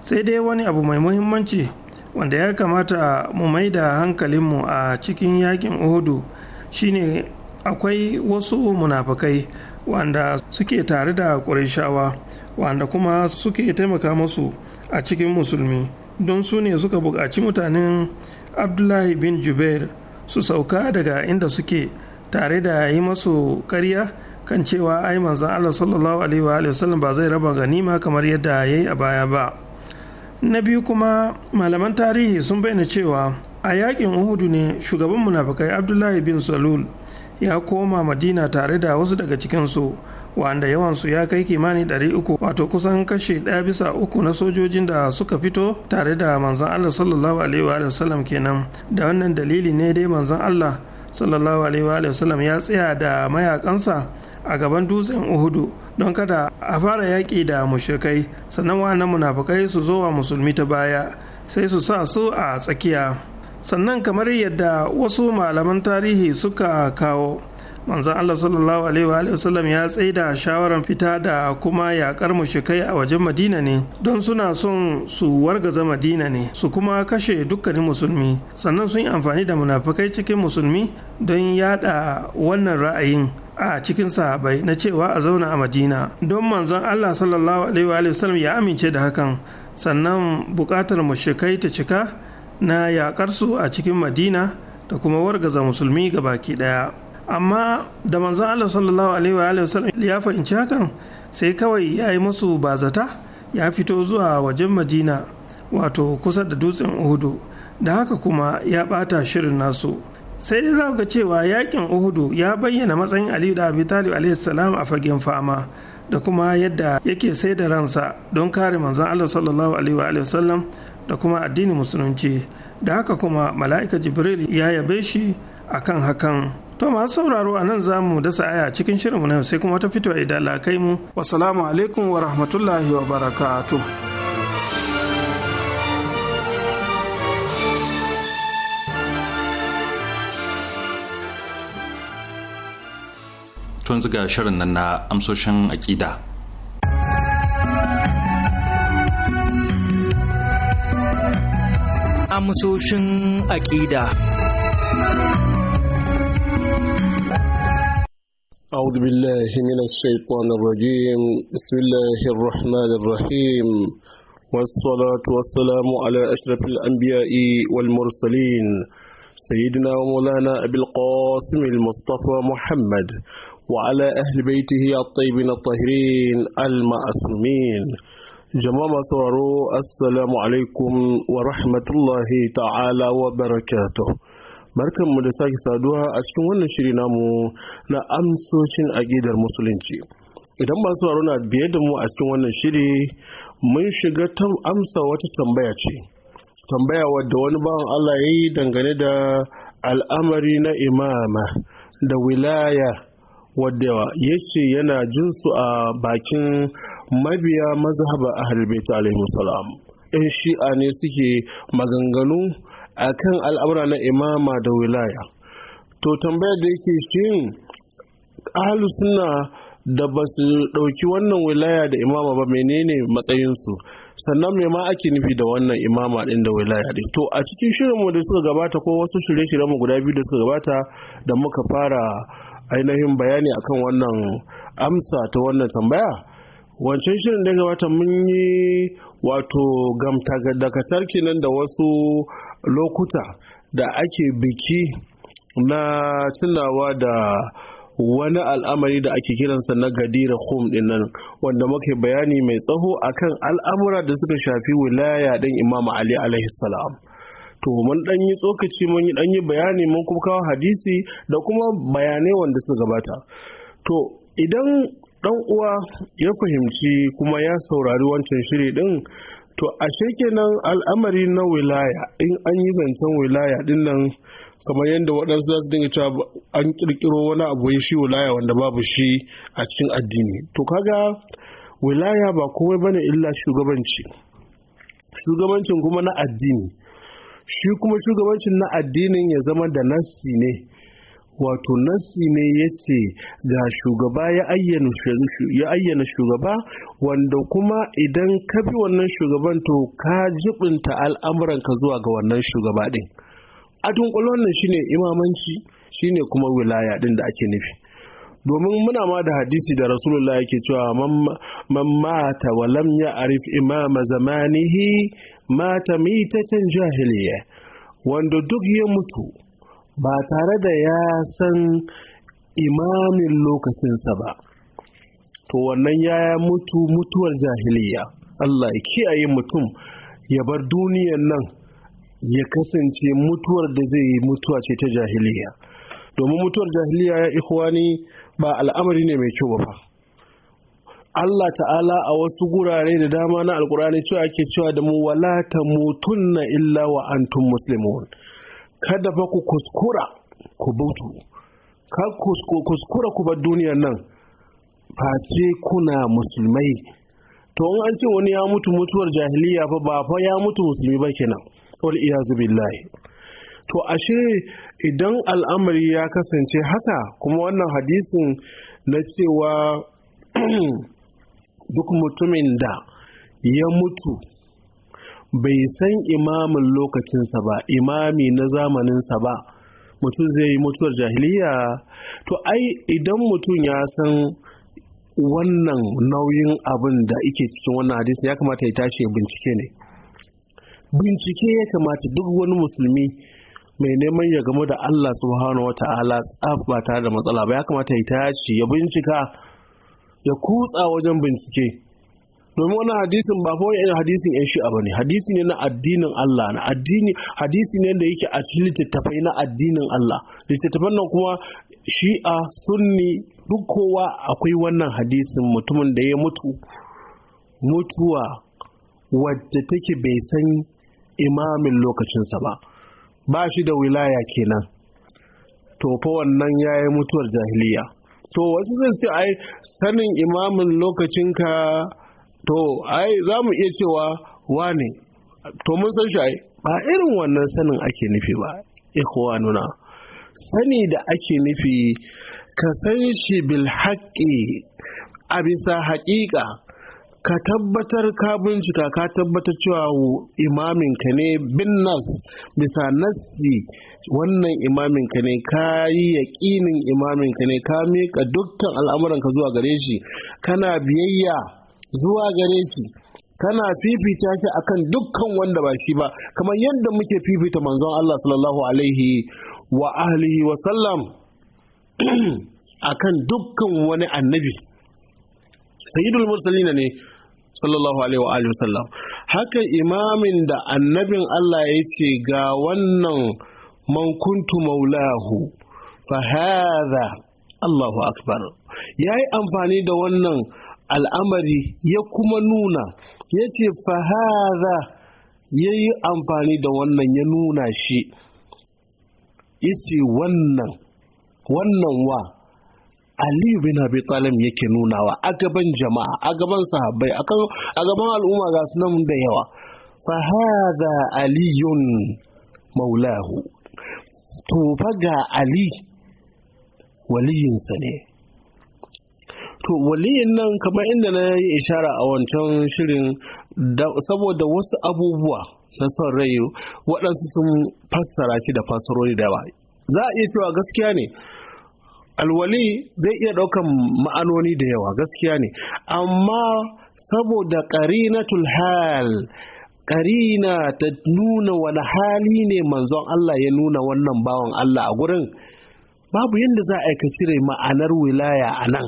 sai dai wani abu mai muhimmanci wanda ya kamata mu mai da hankalinmu a cikin yakin ohudu shine akwai wasu munafakai wanda suke tare da ƙurishawa wanda kuma suke taimaka musu a cikin musulmi don su ne suka buƙaci mutanen abdullahi bin jubair su sauka daga inda suke tare da yi masu karya kan cewa ai manzon Allah sallallahu alaihi wa sallam ba zai raba ganima kamar yadda ya yi a baya ba na biyu kuma malaman tarihi sun bayyana cewa a yakin uhudu ne shugaban munafikai abdullahi bin salul ya koma madina tare da wasu daga cikinsu wanda yawansu ya kai kimanin ɗari wato kusan kashe ɗaya bisa uku na sojojin da suka fito tare da manzon Allah sallallahu alaihi wa sallam kenan da wannan dalili ne dai manzon Allah sallallahu alaihi wa sallam ya tsaya da mayakansa a gaban dutsen uhudu don kada a fara yaƙi da mushrikai sannan wa'annan munafukai su zo wa musulmi ta baya sai su sa su a tsakiya sannan kamar yadda wasu malaman tarihi suka kawo manzan allah sallallahu alaihi wasallam ya tsaida shawarar fita da kuma yaƙar mushrikai a wajen madina ne don suna son su wargaza madina ne su kuma kashe dukkanin musulmi sannan sun yi amfani da munafukai cikin musulmi don yada wannan ra'ayin a cikin sahabai na cewa a zauna a madina don manzon allah sallallahu alaihi ya amince da hakan sannan buƙatar mushrikai ta cika na yaƙarsu a cikin madina da kuma wargaza musulmi ga baki ɗaya amma da manzon allah sallallahu alaihi ya fahimci hakan sai kawai ya yi musu bazata ya fito zuwa wajen madina wato kusa da dutsen uhudu da haka kuma ya ɓata shirin nasu sai dai za ga cewa yakin uhudu ya bayyana matsayin aliyu da abi talib a fagen fama da kuma yadda yake sai da ransa don kare manzon allah sallallahu alaihi wa sallam da kuma addinin musulunci da haka kuma mala'ika jibril ya yabe shi a kan hakan to masu sauraro a nan za mu dasa aya cikin shirinmu na yau sai kuma ta fito idan lakai mu wasalamu alaikum wa rahmatullahi wa barakatuh tun ga shirin nan na amsoshin aƙida. Amsoshin aƙida. أعوذ بالله من الشيطان الرجيم بسم الله الرحمن الرحيم والصلاة والسلام على أشرف الأنبياء والمرسلين سيدنا ومولانا أبي القاسم المصطفى محمد وعلى أهل بيته الطيبين الطاهرين المعصومين جماعة سورارو السلام عليكم ورحمة الله تعالى وبركاته barkan mu da sake saduwa a cikin wannan shiri namu na amsoshin aƙidar musulunci idan masu sauraro na biye da mu a cikin wannan shiri mun shiga amsa wata tambaya ce tambaya wadda wani bawan Allah ya yi dangane da al'amari na imama da wilaya wadda yawa yake yana jinsu a bakin mabiya mazhaba a halibaita alaihi salam yan shi'a ne suke maganganu a kan al'amura na imama da wilaya to tambayar da yake shin ahalu suna da ba su ɗauki wannan wilaya da imama ba menene matsayinsu sannan me ma ake nufi da wannan imama din da wilaya din to a cikin shirinmu da suka gabata ko wasu shirye-shiryenmu guda biyu da suka gabata da muka fara ainihin bayani akan wannan amsa ta wannan tambaya wancan shirin da wata mun yi wato dakatar nan da wasu lokuta da ake biki na tunawa da wani al'amari da ake kiransa na gadira home din nan wanda muke bayani mai tsaho akan al'amura da suka shafi wilaya din imam ali alaihi salam to mun dan yi tsokaci mun yi dan yi bayani mun kuma kawo hadisi da kuma bayanai wanda suka gabata to idan dan uwa ya fahimci kuma ya saurari wancan shiri din to ashe kenan al'amari na wilaya in an yi zancen wilaya din nan kamar yadda waɗansu za su dinga cewa an kirkiro wani abu ya shi wilaya wanda babu shi a cikin addini to kaga wilaya ba komai bane illa shugabanci shugabancin kuma na addini shi kuma shugabancin na addinin ya zama da nasi ne wato nassi ne ya ce ga shugaba ya ayyana shugaba wanda kuma idan ka bi wannan shugaban to ka jibinta al'amuranka zuwa ga wannan shugaba din. a dunkulon nan shine imamanci shine kuma wilaya din da ake nufi domin muna ma da hadisi da rasulullah yake cewa man mata ya arif imama zamanihi mata can jahiliya wanda duk ya mutu ba tare da ya san imamin lokacinsa ba to wannan ya mutu mutuwar jahiliya Allah ya kiyaye mutum ya bar duniyan nan ya kasance mutuwar da zai yi mutuwa ce ta jahiliya domin mutuwar jahiliya ya ikhwani ba al'amari ne mai kyau ba Allah ta'ala a wasu gurare da dama na alkur'ani cewa ake cewa da mu wala ta mutunna illa wa antum muslimun kada fa ku kuskura ku bautu ka kuskura ku bar duniyar nan face kuna musulmai to in an ce wani ya mutu mutuwar jahiliya fa ba fa ya mutu musulmi ba kenan wal iyazu billahi to ashe idan al'amari ya kasance haka kuma wannan hadisin na cewa duk mutumin da ya mutu bai san imamin lokacinsa ba imami na zamaninsa ba mutum zai yi mutuwar jahiliya to ai idan mutum ya san wannan nauyin abin da ike cikin wannan hadisi ya kamata ya tashi bincike ne bincike ya kamata duk wani musulmi mai neman ya gamu da Allah subhanahu wa ta'ala tsaf ba tare da matsala ba ya kamata ya tashi ya bincika ya kutsa wajen bincike domin wannan hadisin ba kawai wani hadisin yan shi'a bane hadisi ne na addinin Allah na addini hadisi ne da yake a cikin littattafai na addinin Allah littattafan nan kuma shi'a sunni duk kowa akwai wannan hadisin mutumin da ya mutu mutuwa wadda take bai san imamin lokacinsa ba ba shi da wilaya kenan to fa wannan yayi mutuwar jahiliya to wasu sai ce ai sanin imamin lokacinka to ai za mu iya cewa wane to mun san shi ai ba irin wannan sanin ake nufi ba nuna. sani da ake nufi ka san shi bil haƙƙi a bisa haƙiƙa ka tabbatar ka bincika ka tabbatar cewa imaminka ne bin nas bisa nassi wannan imamin ka ne ka yi yaƙinin imamin ka ne ka mika dukkan al'amuranka zuwa gare shi kana biyayya zuwa gare shi kana fifita shi akan dukkan wanda ba shi ba kamar yadda muke fifita manzon Allah sallallahu alaihi wa ahlihi wa sallam akan dukkan wani annabi sayyidul mursalin ne sallallahu alaihi wa alihi Sallam) haka imamin da annabin Allah ya ce ga wannan man kuntu maulahu fa hadha Allahu akbar ya yi amfani da wannan al'amari ya kuma nuna ya ce fa hadha ya yi amfani da wannan ya nuna shi ya ce wannan wannan wa Ali bin Abi Talib yake nunawa a gaban jama'a a gaban sahabbai a gaban al'umma ga su nan da yawa fa hadha aliyun maulahu Tofa ga ali waliyinsa ne to waliyin nan kamar inda na yi ishara a wancan shirin saboda wasu abubuwa na son rai waɗansu sun fassara shi da fassarori da ba za a iya cewa gaskiya ne alwali zai iya ɗaukan ma'anoni da yawa gaskiya ne amma saboda ƙarinatul hal karina ta nuna wani hali ne manzon Allah ya nuna wannan bawan Allah a gurin babu yadda za a yi cire ma'anar wilaya a nan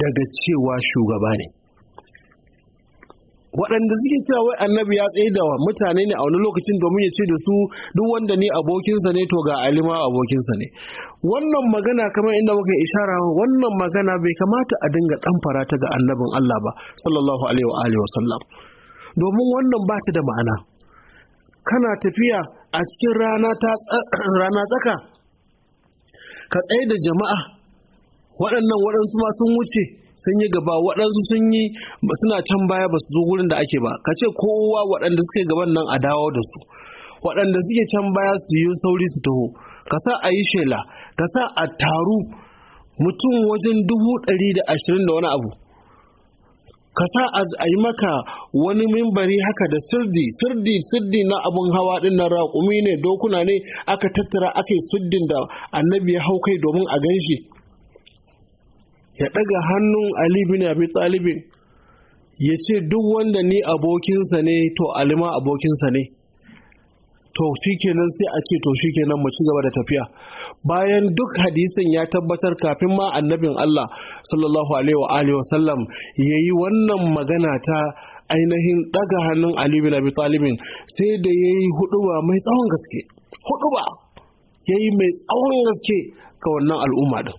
daga cewa shugaba ne waɗanda suke cewa wai annabi ya tsaye da mutane ne a wani lokacin domin ya ce da su duk wanda ne abokinsa ne to ga alima abokinsa ne wannan magana kamar inda muka ishara wannan magana bai kamata a dinga fara ta ga annabin Allah ba sallallahu alaihi wa alihi wa sallam domin wannan ba ta da ma'ana kana tafiya a cikin rana tsaka ka tsaye da jama'a waɗannan waɗansu ma sun wuce sun yi gaba waɗansu sun yi suna can baya ba su zo wurin da ake ba ka ce kowa waɗanda suke gaban nan a dawo da su waɗanda suke can baya su yi sauri su taho ka sa a yi shela ka sa a taru mutum wajen dubu ɗari da ashirin da wani abu ka sa a yi maka wani mimbari haka da sirdi sirdi sirdi na abun hawa din na raƙumi ne dokuna ne aka tattara aka yi sirdin da annabi ya hau kai domin a gan shi ya ɗaga hannun ali bin abi talibin ya ce duk wanda ni abokinsa ne to alima abokinsa ne to kenan sai a ce to kenan mu ci gaba da tafiya bayan duk hadisin ya tabbatar kafin ma annabin Allah sallallahu alaihi wa alihi wa sallam yayi wannan magana ta ainihin daga hannun Ali bin Abi Talib sai da yayi huduba mai tsawon gaske huduba yayi mai tsawon gaske ga wannan al'umma din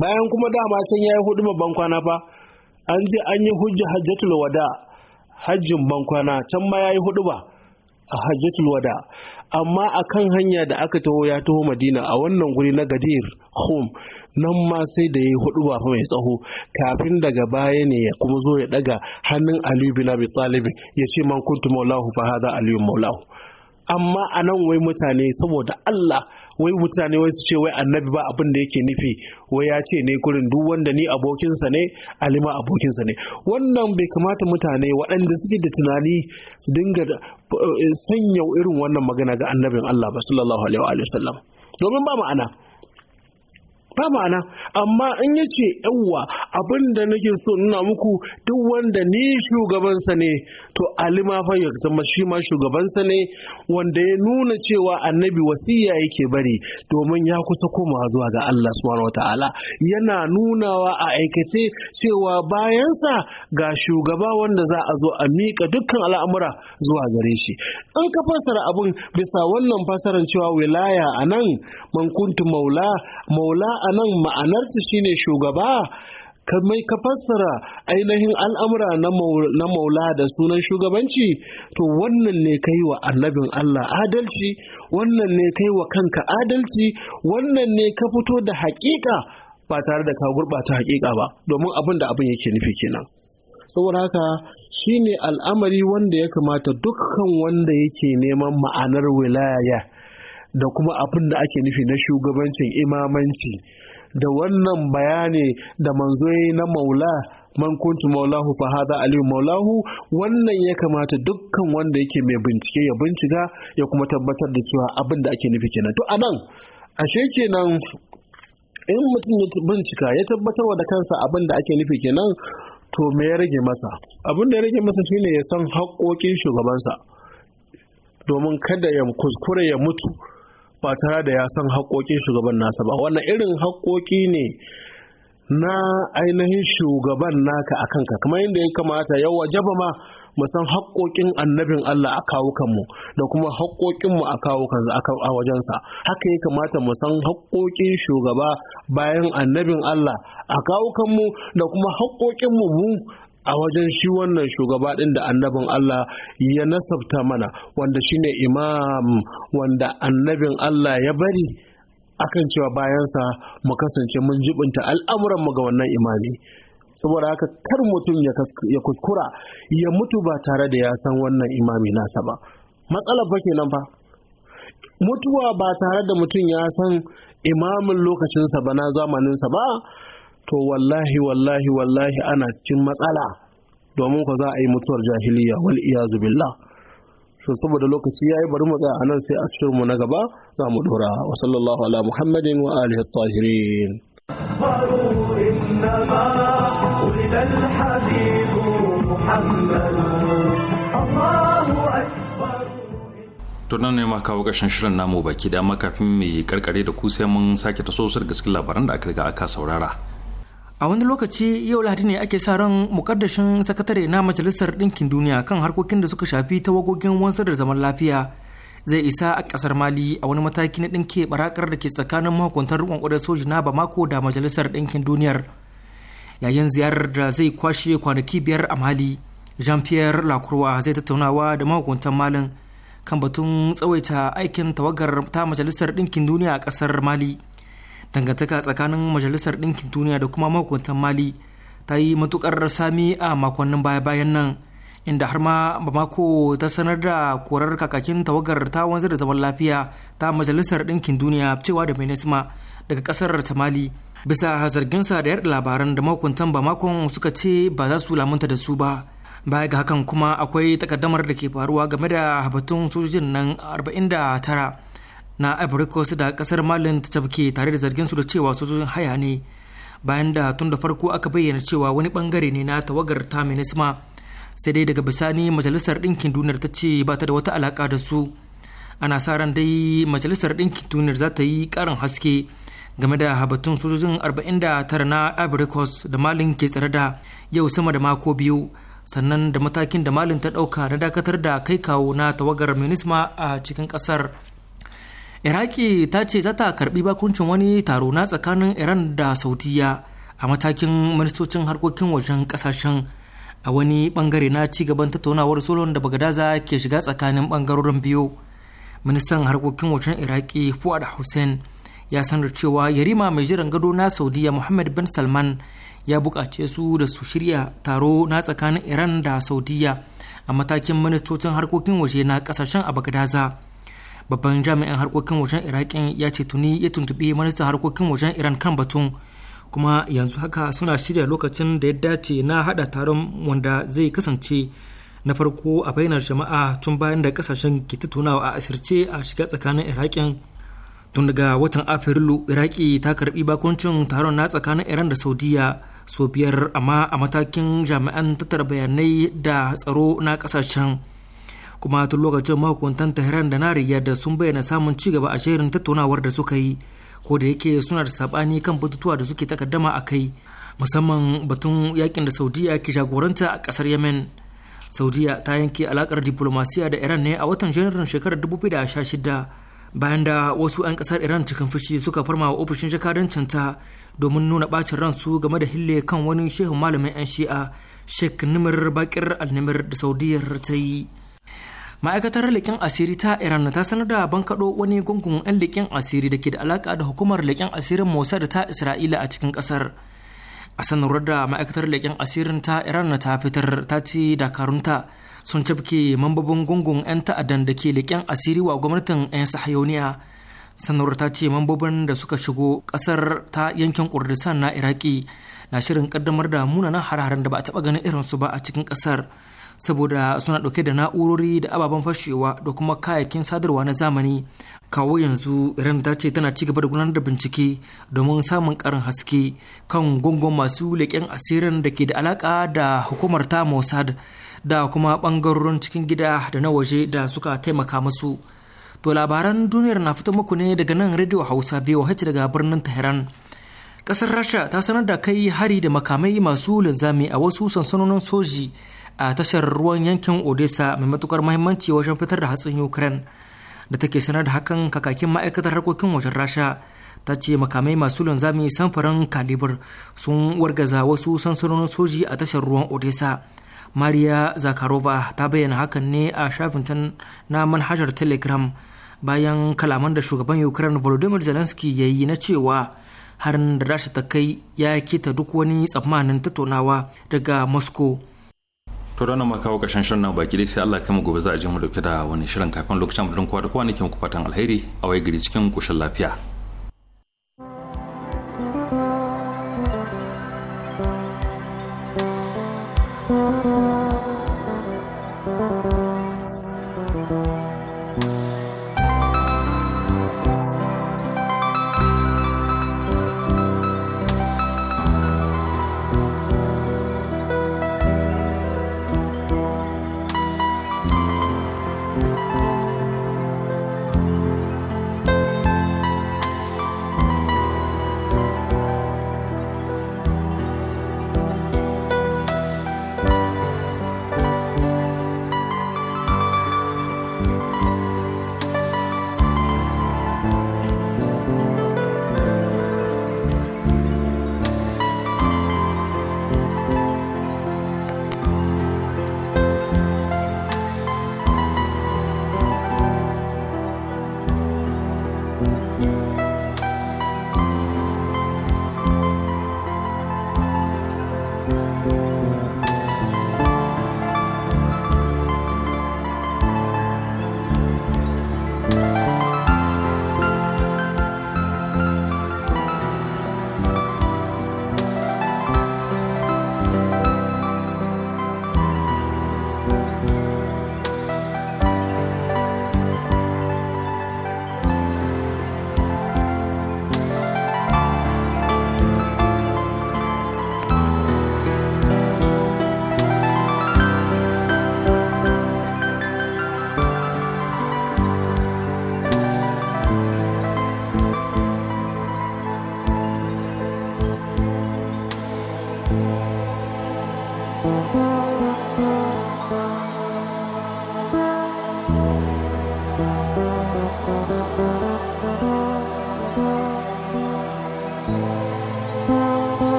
bayan kuma dama can yayi huduba ban kwana fa an je an yi hujja hajjatul wada hajjin ban kwana can ma yayi huduba a hajjatul wada amma a kan hanya da aka taho ya taho madina a wannan guri na gadir hom nan ma sai da ya yi hudu ba mai tsaho kafin daga baya ne ya kuma zo ya daga hannun aliyu bin abi talibin ya ce man kuntu maulahu fa hada aliyu maulahu amma a nan wai mutane saboda allah wai mutane wai su ce wai annabi ba abin da yake nufi wai ya ce ne kurin duk wanda ni abokinsa ne alima abokinsa ne wannan bai kamata mutane waɗanda suke da tunani su dinga eh, sanya irin wannan magana ga annabin Allah ba sallallahu alaihi wa sallam domin ba ma'ana ba ma'ana amma in ya ce yawwa abin da nake so nuna muku duk wanda ni shugabansa ne to ali ma fa ya zama shi ma shugabansa ne wanda ya nuna cewa annabi wasiya yake bari domin ya kusa komawa zuwa ga Allah subhanahu wataala yana nunawa a aikace cewa bayansa ga shugaba wanda za a zo a mika dukkan al'amura zuwa gare shi an ka fassara abin bisa wannan fassarar cewa wilaya anan, nan kuntu maula maula anan ma'anarta shine shugaba kamai ka fassara ainihin al'amura na maula da sunan shugabanci to wannan ne yi wa annabin Allah adalci wannan ne yi wa kanka adalci wannan ne ka fito da haƙiƙa ba tare da ka gurɓata haƙiƙa ba domin abin da abin yake nufi kenan saboda haka shi ne al'amari wanda ya kamata dukkan wanda yake neman ma'anar wilaya da kuma abin da ake nufi na shugabancin imamanci da wannan bayani da manzoyi na maula man kuntu maulahu fa hada aliyu maulahu wannan ya kamata dukkan wanda yake mai bincike ya bincika ya kuma tabbatar da cewa abin da ake nufi kenan to anan ashe kenan in mutum ya bincika ya tabbatar da kansa abin da ake nufi kenan to me ya rage masa abin da ya rage masa shine ya san haƙoƙin shugabansa domin kada ya kuskure ya mutu ba tare da ya san haƙoƙin shugaban nasa ba wannan irin haƙoƙi ne na ainihin shugaban naka a kanka kamar yadda ya kamata yau wajaba ma mu san haƙoƙin annabin Allah a kawukanmu da kuma haƙoƙinmu a kawukan a wajensa haka ya kamata mu san haƙoƙin shugaba bayan annabin Allah a kawukanmu da kuma haƙoƙinmu mu a wajen shi wannan shugaba ɗin da annabin Allah ya nasabta mana wanda shi ne imam wanda annabin Allah ya bari akan cewa bayansa mu kasance mun jibinta mu ga wannan imami saboda haka kar mutum ya kuskura ya mutu ba tare da ya san wannan imami nasa ba matsalar fa kenan fa mutuwa ba tare da mutum ya san imamin lokacinsa ba na zamaninsa ba to wallahi wallahi wallahi ana cikin matsala domin ku za a yi mutuwar jahiliya wal iyazu billah to saboda lokaci yayi bari mu tsaya anan sai ashirin mu na gaba za mu dora wa sallallahu ala muhammadin wa alihi tahirin tunan ne ma kawo ƙarshen shirin namu baki da makafin mai karkare da ku sai mun sake taso su labaran da aka riga aka saurara A wani lokaci yau Lahadi ne ake sa ran mukaddashin sakatare na Majalisar Ɗinkin Duniya kan harkokin da suka shafi tawagogin wansar da zaman lafiya zai isa a ƙasar Mali a wani mataki na ɗinke barakar da ke tsakanin mahukuntar riƙon ƙudar soji na Bamako da Majalisar Ɗinkin Duniyar. Yayin ziyarar da zai kwashe kwanaki biyar a Mali, Jean-Pierre Lacroix zai tattaunawa da mahukuntan Malin kan batun tsawaita aikin tawagar ta Majalisar Ɗinkin Duniya a ƙasar Mali. dangantaka tsakanin majalisar ɗinkin duniya da kuma mahukuntan mali ta yi matukar sami a makonnin baya-bayan nan inda har ma bamako ta sanar da korar kakakin tawagar ta wanzar da zaman lafiya ta majalisar ɗinkin duniya cewa da minisma daga ƙasar mali. bisa zarginsa da yaɗa labaran da mahukuntan bamakon suka ce ba za su lamunta da su ba baya ga hakan kuma akwai takaddamar da ke faruwa game da batun sojojin nan 49 na ivory coast da kasar malin ta tabke tare da zargin su da cewa sojojin haya ne bayan da tun da farko aka bayyana cewa wani bangare ne na tawagar ta minisma sai dai daga bisani majalisar ɗinkin duniyar ta ce ba ta da wata alaka da su ana sa ran dai majalisar ɗinkin duniyar za ta yi karin haske game da habatun sojojin 49 na ivory coast da malin ke tsare da yau sama da mako biyu sannan da matakin da malin ta ɗauka na dakatar da kai kawo na tawagar minisma a cikin ƙasar iraki ta ce za ta karbi bakuncin wani taro na tsakanin iran da sautiya a matakin ministocin harkokin wajen kasashen a wani bangare na cigaban tattaunawar solon da bagadaza ke shiga tsakanin bangarorin biyu ministan harkokin wajen iraki fuad hussein ya sanar cewa yarima mai jiran gado na saudiya muhammad bin salman ya buƙace su da su shirya taro na tsakanin iran da saudiya a matakin ministocin harkokin waje na kasashen a bagdaza. babban jami'in harkokin wajen iraƙin ya ce tuni ya tuntuɓi ministan harkokin wajen iran kan batun kuma yanzu haka suna shirya lokacin da ya dace na hada taron wanda zai kasance na farko a bainar jama'a tun bayan da kasashen ke tattaunawa a asirce a shiga tsakanin iraƙin tun daga watan afrilu iraki ta karbi bakuncin taron na tsakanin iran da saudiya sau biyar amma a matakin jami'an tattara bayanai da tsaro na kasashen kuma tun lokacin mahukuntan tehran da na da sun bayyana samun ci gaba a shirin tattaunawar da suka yi ko da yake suna da sabani kan batutuwa da suke takaddama a kai musamman batun yakin da saudiya ke jagoranta a kasar yemen saudiya ta yanke alakar diplomasiya da iran ne a watan janairun shekarar 2016 bayan da wasu 'yan kasar iran cikin fushi suka farma wa ofishin jakadancin ta domin nuna bacin ransu game da hille kan wani shehun malamin 'yan shi'a sheikh nimir bakir al-nimir da saudiyar ta yi ma'aikatar leƙen asiri ta iran ta sanar da bankaɗo wani gungun 'yan leƙen asiri da ke da alaƙa da hukumar leƙen asirin mossad ta isra'ila a cikin ƙasar a sanarwar da ma'aikatar leƙen asirin ta iran ta fitar ta ci dakarunta sun cafke mambobin gungun 'yan ta'addan da ke leƙen asiri wa gwamnatin 'yan sahayoniya sanarwar ta ce mambobin da suka shigo ƙasar ta yankin kurdistan na iraki na shirin kaddamar da munanan har-haren da ba a taɓa ganin irinsu ba a cikin ƙasar saboda suna ɗauke da na'urori da ababen fashewa da kuma kayayyakin sadarwa na zamani kawo yanzu iran ta ce tana cigaba da gudanar da bincike domin samun karin haske kan gungun masu leƙen asirin da ke da alaƙa da hukumar ta mossad da kuma ɓangarorin cikin gida da na waje da suka taimaka masu to labaran duniyar na fito muku ne daga nan radio hausa voh daga birnin tehran ƙasar rasha ta sanar da kai hari da makamai masu linzami a wasu sansanonin soji a tashar ruwan yankin odessa mai matukar mahimmanci wajen fitar da hatsin ukraine da take sanar da hakan kakakin ma'aikatar harkokin wajen rasha ta ce makamai masu linzami samfuran kalibir sun wargaza wasu sansanonin soji a tashar ruwan odessa maria zakarova ta bayyana hakan ne a shafin na manhajar telegram bayan kalaman da shugaban ukraine volodymyr zelensky ya yi na cewa harin da rasha ta kai ya keta duk wani tsammanin tattaunawa daga moscow to da ma kawo kashin shirin nan baki dai sai Allah kai mu gobe za a je mu dauke da wani shirin kafin lokacin mu kwa da kowa ne ke muku fatan alheri a wai gari cikin kushin lafiya